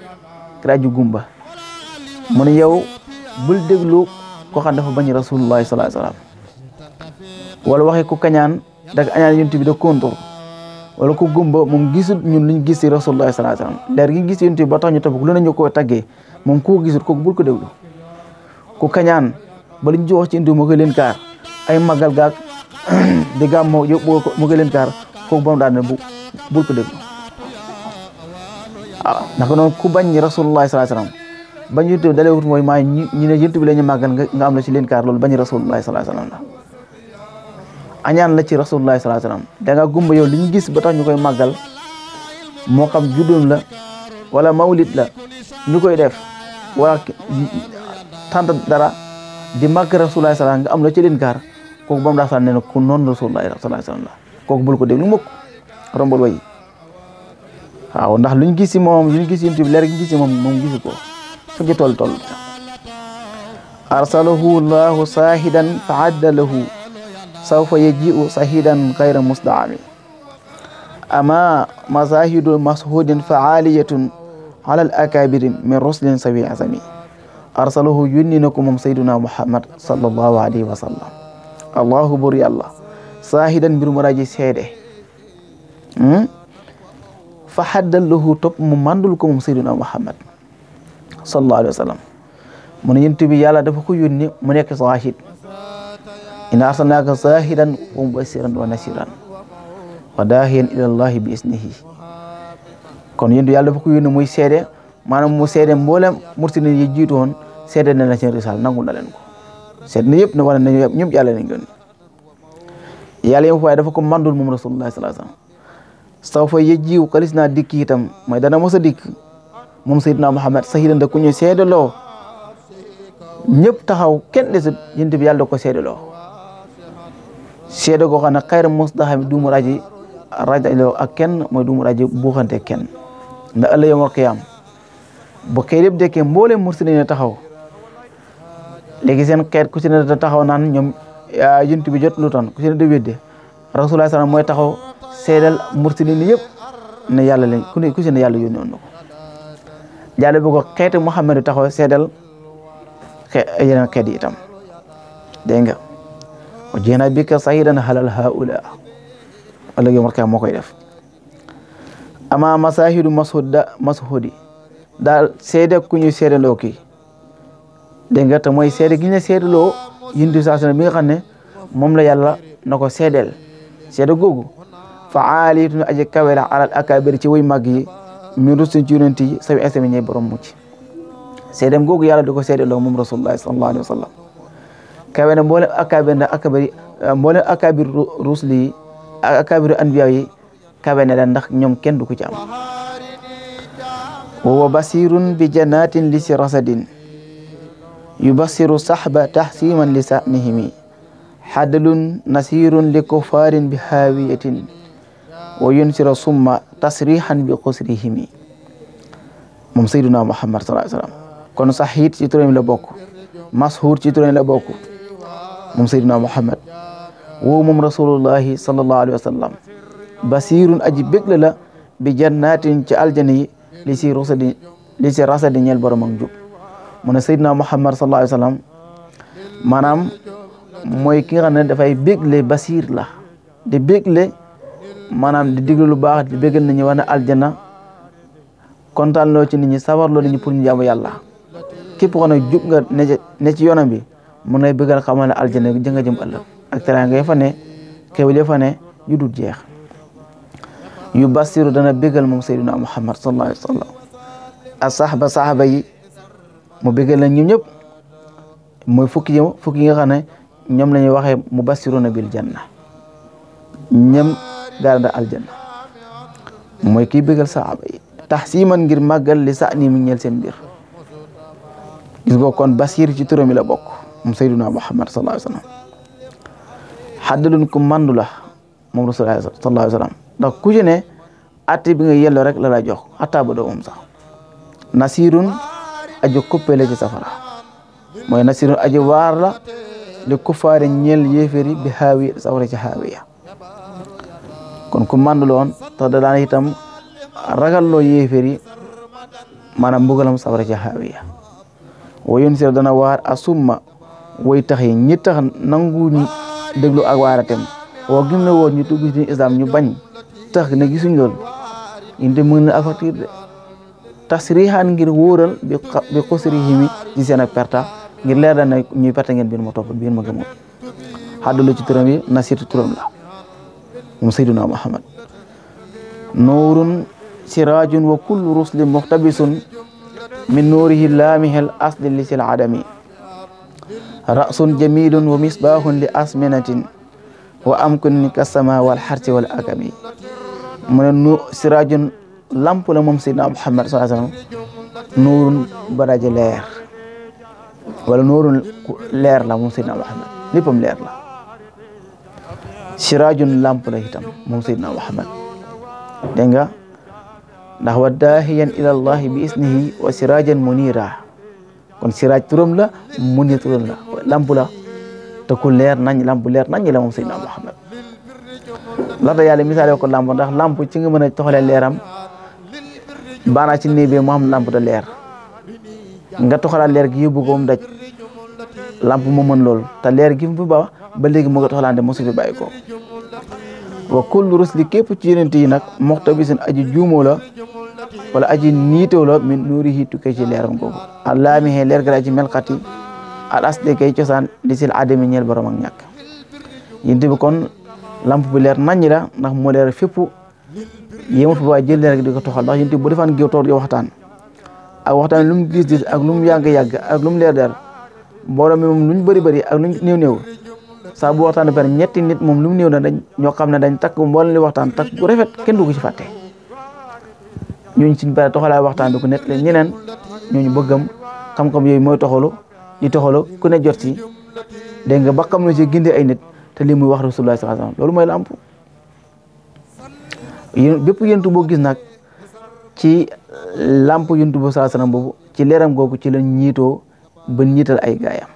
kër gumba mune yow bul deglu ko xam dafa bañ rasulullah sallallahu alaihi wasallam wala waxe ku kanyan dag añaan yuntibi de da wala ku gumba moom gisul ñun ñu gis ci rasulullah sallallahu alayhi wasallam leer gi gis yonent bi ba tax ñu topp lu nañu koo taggee moom ku ko gisul kooku bul ko déglu ku kañaan ba liñ ci wax mu indi moo koy leen kaar ay magal gaag di gàmm moo moo koy leen kaar bu bul ko déglu waaw ah, ndax ku bañ ñi rasulullah sallallahu alayhi wasallam bañ yonent bi dalee wut mooy maa ñu ne yonent bi la ñu màggal nga am la ci leen kaar loolu bañ rasulullah sallallahu alayhi añaan la ci rasulullah sallallahu Alaihi wasallam da nga gumba yow liñu gis ba tax ñukoy magal mo xam judum la wala maulid la ñukoy def wala tant dara di mag rasulullah sallallahu nga am la ci leen gar kooku bam mu daa ku non rasulullah sallallahu alaihi wasallam la kooku bul ko déglu mok rombol way waaw ndax luñu gis ci mom luñu gis ci leer gi gis ci mom mom gis ko fa tol tol arsalahu allah sahidan fa'adalahu sawfa yaji'u sahidan gayra musda'ami amma mazahidu mashudin faaliyatun ala al akabiri min ruslin sawi azami arsalahu yunninaku moom sayduna muhammad sallallahu alayhi wa allahu bur yàlla sahidan mbir seede fa haddallahu topp mu mandul ko sayduna muhammad sallallahu alayhi wa mu ne yent bi yàlla dafa ko yónni mu nekk sahid inna arsalnaka shahidan wa wa nasiran wa daahiyan ilallahi bi isnihi kon yéen yàlla dafa ko yónni muy seede maanaam mu seede mboolem mursalin yi jiitu woon seede na la seen risaal nangul na leen ko seede na yëpp na wane na ñëpp yàlla nañ yónni yàlla yëpp waaye dafa ko mandul moom rasulullah sallallahu alayhi wasallam saw fa yejjiw xalis naa mooy dana mos a dikk moom sayyidina Muhammad shahidan da ku ñu seede loo ñëpp taxaw kenn desut yéen bi yàlla da ko seede loo seede ko xam ne xayra mustaxami du mu raji raji ak kenn mooy du mu raji buuxante kenn ndax ëllëg yawmal qiyaam ba kay yëpp dekkee mbooleem mursalin taxaw léegi seen xeet ku ci ne taxaw naan ñoom yunt bi jot lu tan ku ci ne di wedde rasulullah sallam mooy taxaw seedal mursalin yëpp ne yàlla leen ku ne ku ci ne yàlla yónni woon na ko jàll bu ko na Muhammad taxaw seedal yeneen xeet wa jéena bi ka sahidan halal haula wala yow marka moo koy def ama masahidu masuda masuhudi daal seede ku ñu seedaloo kii dégg nga mooy seede gi ñu ne yindi saasuna bi nga xam ne moom la yàlla na ko seedeel seede googu fa aaliyatun aji kawe la alal ci way màgg yi min rusul ci yonent yi sawi asami ñey borom mucc seedeem googu yàlla di ko seedaloo moom rasulullah sallallahu alayhi wa sallam kawe na mboolem ndax rusli yi akabir anbiya na ndax ñoom kenn du ko ci am wa basirun bi jannatin li si rasadin yubasiru sahba tahsiman li sanihimi xadalun nasirun li kufarin bi haawiyatin wa yunsira summa tasrihan bi xusrihimi moom muhammad kon saxiit ci la bokk mashuur ci la bokk moom Seydina Muhammad woo moom rasulullahi sallallahu alayhi wa basirun aji bégle la bi jannatin ci aljana yi li si rasadi li si rasadi ñeel borom ak jub mu ne Seydina Muhammad sallallahu alayhi wa sallam maanaam mooy ki nga xam ne dafay bégle basir la di bégle maanaam di digle lu baax di bégal nañu wane aljana kontaan loo ci nit ñi sawarloo nit ñi pour ñu jaamu yàlla képp ko ne jub nga ne ci yoonam bi mun lay bëggal xamal ne aljana ja nga jëm ëllëg ak teraanga ya fa ne yu dul jeex yu basiru dana bëggal moom sayyidina Muhammad sallallahu alayhi wa sallam saxaba saxaba yi mu bëggal la ñoom ñëpp mooy fukki yi fukki yi nga xam ne ñoom la ñuy waxee mu basiruna bil janna ñoom garanda aljanna mooy kii bëggal saxaba yi tax siiman ngir màggal li sa ni mu ñeel seen mbir kon basir ci turam yi bokk moom sayduna muhammad sallallahu alayhi wa sallam xaddalun ku mandu la moom rasul ku ci ne atte bi nga yelloo rek la lay jox xataa ba doo moom nasirun aji kuppe la ci safara mooy nasirun aji waar la li kufaare ñeel yéeféri bi xaawiya safara ci xaawiya kon ku mandu loon tax da daan itam ragalloo yéeféri maanaam mbugalam safara ci xaawiya wayun sir dana waar asumma way tax yi ñi tax nanguñu déglu ak waaratem woo gim ne woon ñu dugg ci ñu bañ tax na gisuñ loolu indi mën na avertir de tasrihan ngir wóoral bi bi xusrihimi ci seen ngir leer daan ne ñuy perte ngeen biir ma topp biir ma gëmoo xaddalu ci turam yi nasiitu turam la moom sayduna muhammad nuurun siraajun wa kullu rusli muxtabisun min nuurihi laamihel asli lisil adami ra'sun jamilun wa misbahun li asminatin wa amkun kasama wal xarti wal akami mu ne nu siraajun la moom sidna Muhammad sallallahu alayhi wa wala nuurun leer la moom sidna Muhammad léppam leer la siraajun lamp moom sidna Muhammad dégg nga ndax wa daahiyan ila wa siraajan munira kon siraaj turam la muni turam la lamp la te ku leer nañ lamp leer nañ la moom Seydina Muhammad la ta yàlla misaale ko lamp ndax lamp ci nga mën a toxalee ci néeg bi mu am lamp da leer nga toxalaat leer gi yóbbu ko mu daj lamp mu mën loolu te leer gi mu ba ba léegi mu nga toxalaande mosu fi bàyyi ko wa kullu rusli képp ci yonent yi nag moxtabisin aji juumoo la wala aji lo min nurihi hitu ci leeram Allah a laami he leergaraji melkati al asde ke ciosan disil adami nyel borom ak ñàkk yinti bi kon lampe bi leer naññi la ndax mo leer fep yéemul ba jël leer diko toxal ndax yinti bu defan géew tor yo waxtan ak waxtan lum gis gis ak lum yag yag ak lum leer leer mbooloo mi moom ak luñ new new sa bu waxtan ñetti nit mom lum new na dañ ño xamne dañ takk mbooloo li waxtan tak bu rafet ken du ko ci ñooñu ci bari toxalaay waxtaan du ko net le ñeneen ñooñu bëggam xam-xam yoy moy toxalu di toxalu ku ne jot ci de nga ba xam na ci gindi ay nit te li muy wax rasulullah sallallahu alaihi wasallam lolu moy lampu yeen amp yeen tu bo gis nak ci lampu yeen tu bo sallallahu alaihi wasallam boobu ci leram googu ci la ñito ba ñital ay gayam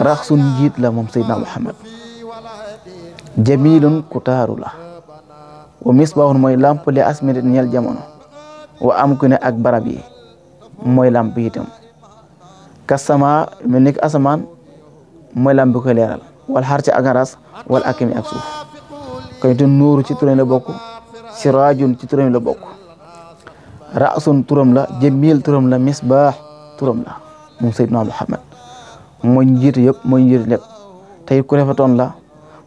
rax jit la mom sayyidna muhammad jamilun kutarullah wa misbaahun mooy lamp li asmiri ñeel jamono wa am ku ak barab yi mooy lamp itam kasama mel ni asamaan mooy lamp bi koy leeral wal xarci ak aras wal akami ak suuf kon itam nuuru ci turam la bokk siraajun ci turam la bokk raasun turam la jamil turam la misbaax turam la moom Seydina Muhammad mooy njiitu yëpp mooy njiitu lépp tey ku refetoon la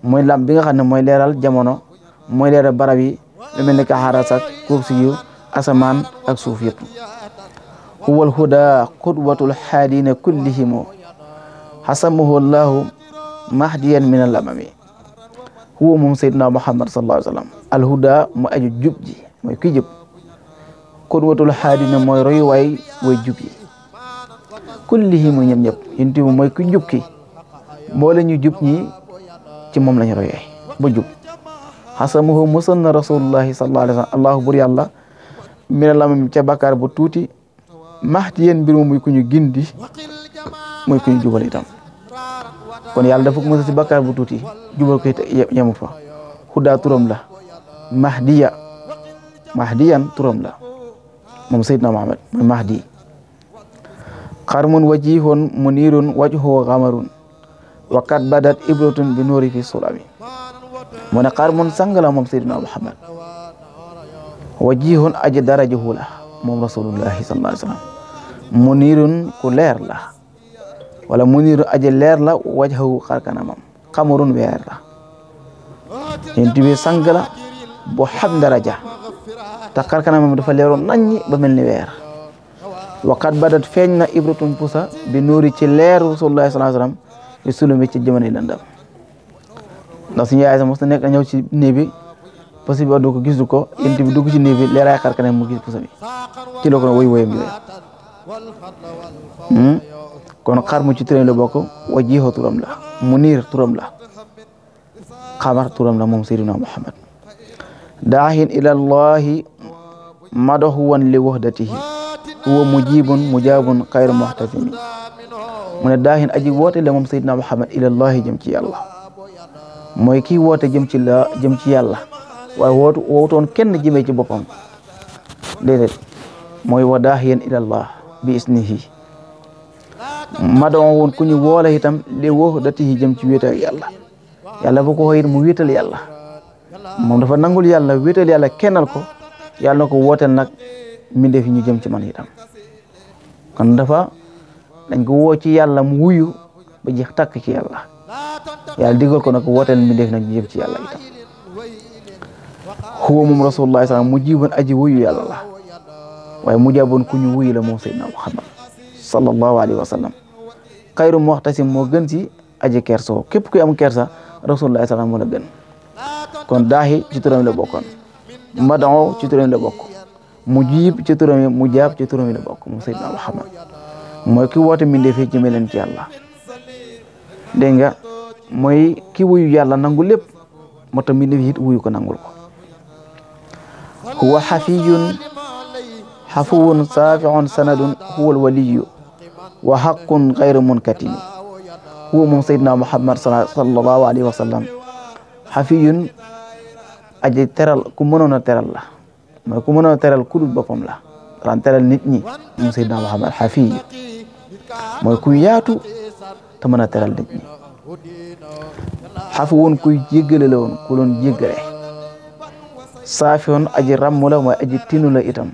mooy lamp bi nga xam ne mooy leeral jamono moy leeral barab yi lu melni ka xaras ak kuub asaman ak suuf yep huwal huda qudwatul kullihim hasamuhu allah mahdiyan min al amami huwa mum sayyidina muhammad sallallahu alaihi wasallam al huda mu aju jubji moy ki jub qudwatul haadina moy roy way way jubji kullihim kullihimu ñep ñëpp moy ku ki mo lañu jub ñi ci mom lañu bu jub xasamuhu musal na rasulullahi sallallahu allahu bur yàlla mi ne la moom ca bakkaar bu tuuti maxti yéen mbir moom muy ku ñu gindi muy ku ñu jubal itam kon yàlla dafa musal si bakkaar bu tuuti jubal ko yemu fa xuddaa turam la mahdiya mahdiyan turam la moom Seydina Muhammad mooy mahdi xarmun wajihun munirun wajhu xamarun wa qad badat ibratun bi nuuri fi sulami mu ne xarmun sang la moom Seydina Muhammad wajihun aji darajuhu la moom rasulullahi sallallahu alayhi wa ku leer la wala munirun aji leer la wajhahu xarkanamam xamurun weer la yonent bi sang la bu xam daraja te dafa leeroon naññi ba mel ni weer waqat badat feeñ na ibratun pusa bi nuuri ci leer rasulullahi sallallahu alayhi bi ci jamono yi ndax suñu yaay sa mos na nekk a ci néeg bi parce que ko gis ko bi dugg ci néeg bi leeraay xar kanam mu gis ko woy woyam hmm? kon xar mu ci turam la bokk wa jiixoo turam la mu turam la xamar turam la moom sayyidina Muhammad daahin ila llahi madahuwan li wahdatihi huwa mujibun mujabun xayru muxtasimi mu ne daahin aji woote la moom sayyidina Muhammad ila llahi jëm ci yàlla mooy kii woote jëm ci la jëm ci yàlla waaye wootu wootoon kenn jëmee ci boppam déedéet mooy wadaahiyan ilallah bi isnihi madon woon ku ñu woole itam li woo datihi jëm ci wéetal yàlla yàlla bu ko xooyit mu wéetal yàlla moom dafa nangul yàlla wéetal yàlla kennal ko yàlla ko wooteel nag mbindeef yi ñu jëm ci man itam kon dafa dañ ko woo ci yàlla mu wuyu ba jeex tàkk ci yàlla yàlla digal ko nag wooteel mi def nag ci yàlla itam xuwa moom rasulullah sallam mu jiiboon aji wuyu yàlla waaye mu jaaboon ku ñu wuyu la moom sayyidina muhammad sallallahu alayhi wa sallam xayru muxtasim moo gën ci aji kersoo képp ku am kersa rasulullah sallam moo la gën kon daaxi ci turam la bokkoon madao ci turam la bokk mu ci turam yi mu jaab ci turam yi la bokk moom sayyidina muhammad mooy ki woote mi defee jëme ci yàlla dégg mooy ki wuyu yàlla nangu lépp moo tax mbindéef yi it wuyu ko nangul ko huwa xafiyun xafuwun saafiun sanadun huwa alwaliyu wa xaqun xayru munkatimi huwa moom sayyidina muhammad sallallahu alayhi wa sallam xafiyun aji teral ku mënoon a teral la mooy ku mënoon a teral ku dul boppam la daan teral nit ñi moom muhammad xafiyu mooy ku yaatu te mën a teral nit xafi woon kuy jéggale la woon ku loon jéggale saafi woon aji ràmm mooy aji tinu itam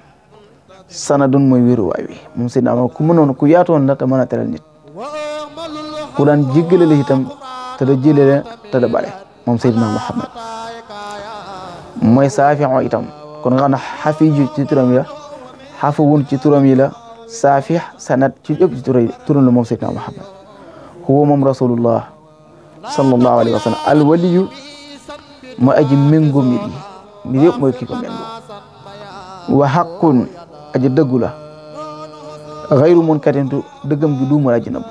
sanadun mooy wéruwaay wi moom si naa ku mënoon ku yaatu woon la te mën a teral nit ku daan la itam te da jëlale moom Seydina Muhammad mooy saafi o itam kon nga xam ne xafiiju ci turam yi la xafuwun ci turam yi ci yëpp ci turam la moom Seydina Muhammad huwa moom rasulullah sallallahu alayhi wa sallam al waliyu mooy aji méngoo mbir yi mbir yëpp mooy ko méngoo wa xaqun aji dëggu la xayru mun katintu dëggam gi du aji nëbbu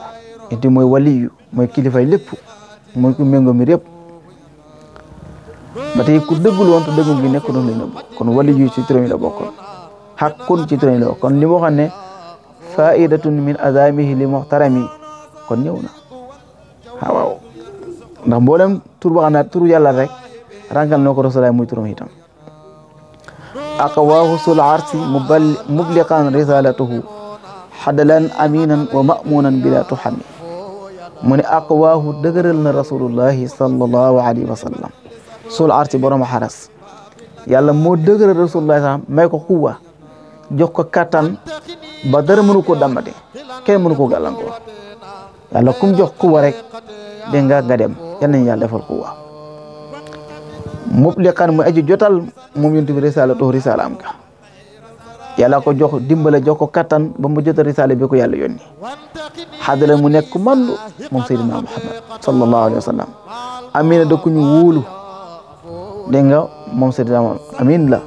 enti mooy waliyu mooy kilifay lépp mooy ku méngoo mbir yëpp ba tey ku dëggul woon te gi nekk doon lay nëbbu kon waliyu ci turam yi kon li mu xam min azamihi li muxtarami kon ñëw na ndax mboolem tur boo xam ne yàlla rek rànkal na ko rasulaay muy turam itam aqawaahu sul arsi mubliqan risalatuhu xadalan aminan wa mamunan bila tuxami mu ne aqawaahu dëgëral na rasulullahi sallallahu alayhi wa sallam sul arsi xaras yàlla mu dëgëral rasulullahi salam may ko xuwa jox ko kattan ba dara mënu ko dammate kenn mënu ko gàllankoor yàlla kum jox xuwa rek dégg nga nga dem yal nañu yàlla defal ko waaw mubliqan mu aji jotal moom yonent bi risaala toog risaala am ka yàlla ko jox dimbale jox ko kattan ba mu jotal risaala bi ko yàlla yónni xadala mu nekk mandu moom Seydina Muhammad sallallahu alayhi wa Seydina Muhammad amin la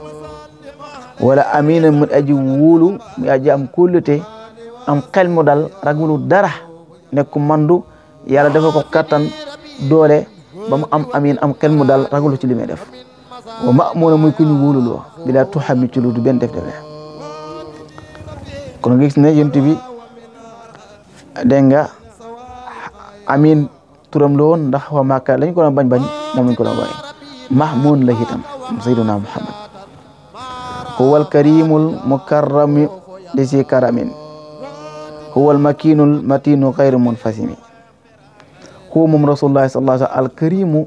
wala amina mu aji wóolu mu aji am kóllute am xel ragulu dara nekk mandu yalla dafa ko katan doole bam am amin am modal mu dal ragul ci limay def wa Bila muy ku ñu wóoluloo bi laa tuxami lu du benn def def kon nga gis ne bi amin turam lo won ndax wa makka lañ ko bañ bañ moom lañ ko doon waaye la hitam sayyiduna Muhammad huwal karimul mukarrami li karamin huwal makinul matinu ghairu munfasimi ko moom rasulullahi sallallahu alaihi wasallam alkarimu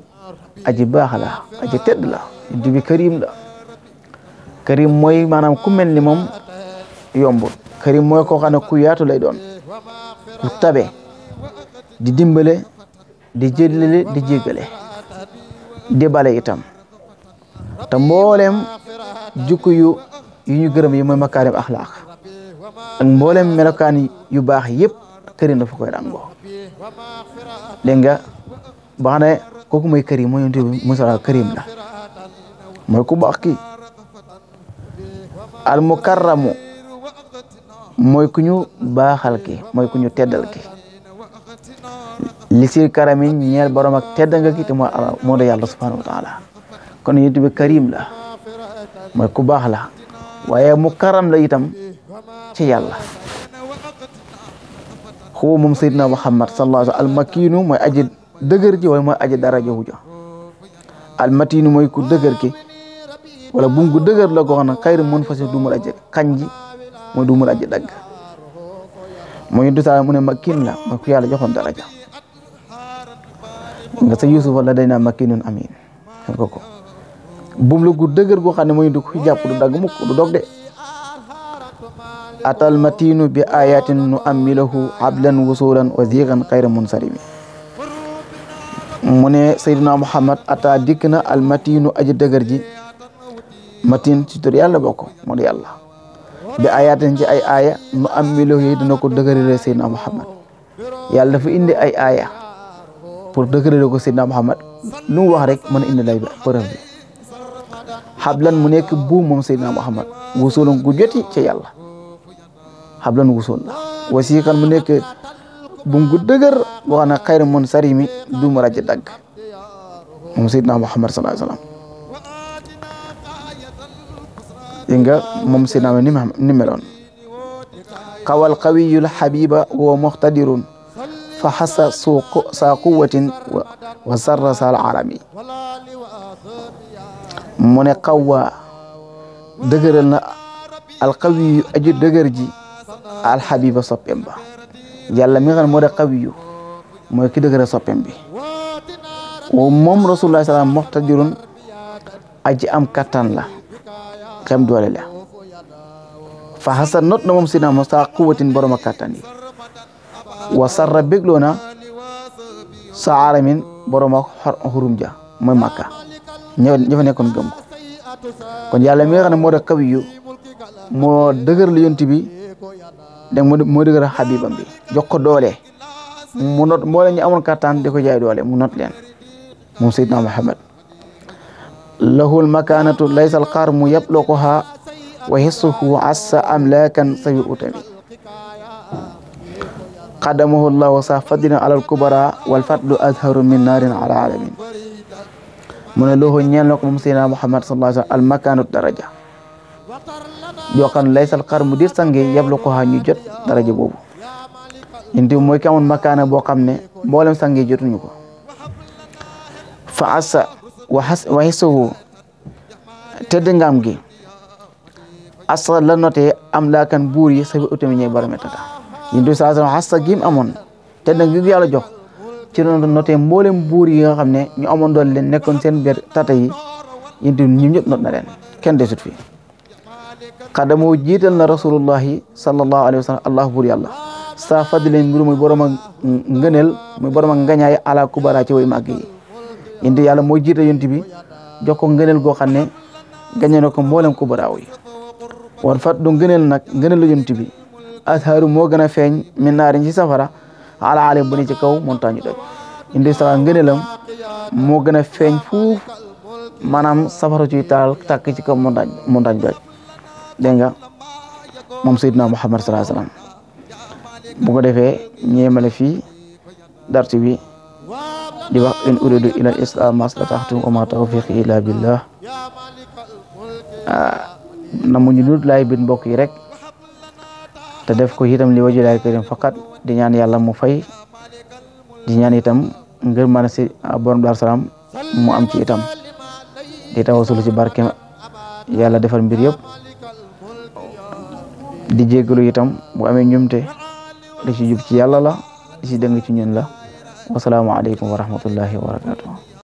aji baax la aji tedd dibi karim la karim mooy maanaam ku mel ni moom yombul karim mooy koo ku yaatu lay doon ku tabe di dimbale di jëlale di jégale di bale itam te mboolem jukku yu yu gërëm yi mooy makaarim axlaaq ak melokaan yu baax yëpp karim dafa koy denga nga koku moy karim moy ndu Musa karim la moy ku baax al mukarram, moy ku ñu baaxal ki moy ku ñu teddal ki li si karami ñeel borom ak tedda nga ki te mo moo da subhanahu wa taala kon yitu bi karim la moy ku bax la waye ya mukarram la itam ci yalla xuwa moom sayyidina Muhammad sallallahu alayhi wa sallam almakiinu mooy aji dëgër wala mooy aji daraja wu ja mooy ku dëgër wala bu gu dëgër la gox na xayri mun fasi duumul aji kañ ji mooy duumul aji dagg mooy ñu dutaa mu ne makin mooy ku yàlla joxoon daraja nga sa Yuusufa la day naa makinun amin ko ko buum la gu ne mooy du ko jàpp du dagg mukk du dog atal matinu bi ayatin nu amilahu ablan wusulan wa zigan xayra munsarimi mu ne sayduna muhammad ata dikk na al matinu matin ci tur yàlla bokk mu di yàlla ayatin ci ay aaya nu amilahu yi dina ko dëgërale sayduna muhammad yàlla dafa indi ay aaya pour dëgërale ko sayduna muhammad lu mu wax rek indi lay preuve bi xablan mu nekk bu moom sayduna muhammad wusulan gu joti ci hablan wusoon mu nekk bungu dëgër boo xam ne xayr mun sari mi du mu ni meloon qawal qawiyul habiba wa muxtadirun fa xasa saa quwatin wa sarra saal mu ne qawwa dëgëral alqawiyu aju dëgër ji alxabiba soppeem ba yàlla mi nga xam ne moo da xawiyu mooy ki dëgëra soppeem bi wo moom rasulullah salaam moxtajirun aji am kattan la xam doole la fa xasan not na moom si na mosta quwatin borom a wa sarra bégloo na sa aramin borom a xurum ja mooy màkka ñëw kon yàlla mi nga xam ne moo da xawiyu moo dëgër la dem mo deugal habibam bi jox ko doole mu not mboole ñu amul kattan di ko jaay doole mu not len mu sayyidna muhammad lahul makanatu laysal qarmu yabluquha wa hissuhu assa amlakan sayu'tami qadamuhu allah wa safadina ala kubara wal fadlu azharu min narin ala alamin mu ne lahu ñeel na sayyidna muhammad sallallahu alaihi wasallam daraja yoo xam ne laysal xar mu dir sange yab la ko xaa ñu jot daraja boobu yonent bi mooy ki amoon makaana boo xam ne mboolem sange jotuñu ko fa asa wa wa hisahu tedd ngaam gi asa la notee am laakan buur yi safi utami ñe barométata yonent bi saa sa asa gim amoon tedd nag gi yàlla jox ci la notee mboolem buur yi nga xam ne ñu amoon doon leen nekkoon seen biir tata ñu ñu bi ñim not na leen fi moo jiital na rasulullahi sallallahu alayhi wa sallam allah buur yàlla saa fadilin mbir muy borom ak muy borom ak ngañaay ala kubara ci way màgg yi indi yàlla mooy jiital yonent bi jox ko ngëneel goo xam ne gañe na ko mboolem kubaraaw fat du ngëneel nag ngëneel bi moo gën a feeñ min naarin ci safara ala alim bu ci kaw montagne doj indi sax moo gën a feeñ fuuf maanaam safara ciy taal ci kaw montagne montagne Denga mom Muhammad sallallahu Alaihi wasallam bu ko defee ñeemale dar dartu wi di wax in uridu ila islam maslataxtum wa ma tawfiqi ila billah ah, na mu ñu dut lay bin mbokk yi rek te def ko hitam li waju lay kërëm faqat di ñaan yalla mu fay di ñaan itam ngeur man ci si ah, borom dar salam mu am ci itam di tawassul ci barke yalla defal mbir di jégalu itam bu amee ñumte li ci jub ci yàlla la li ci dëng ci ñun la wasalaamaaleykum wa rahmatullahi wa barakatuh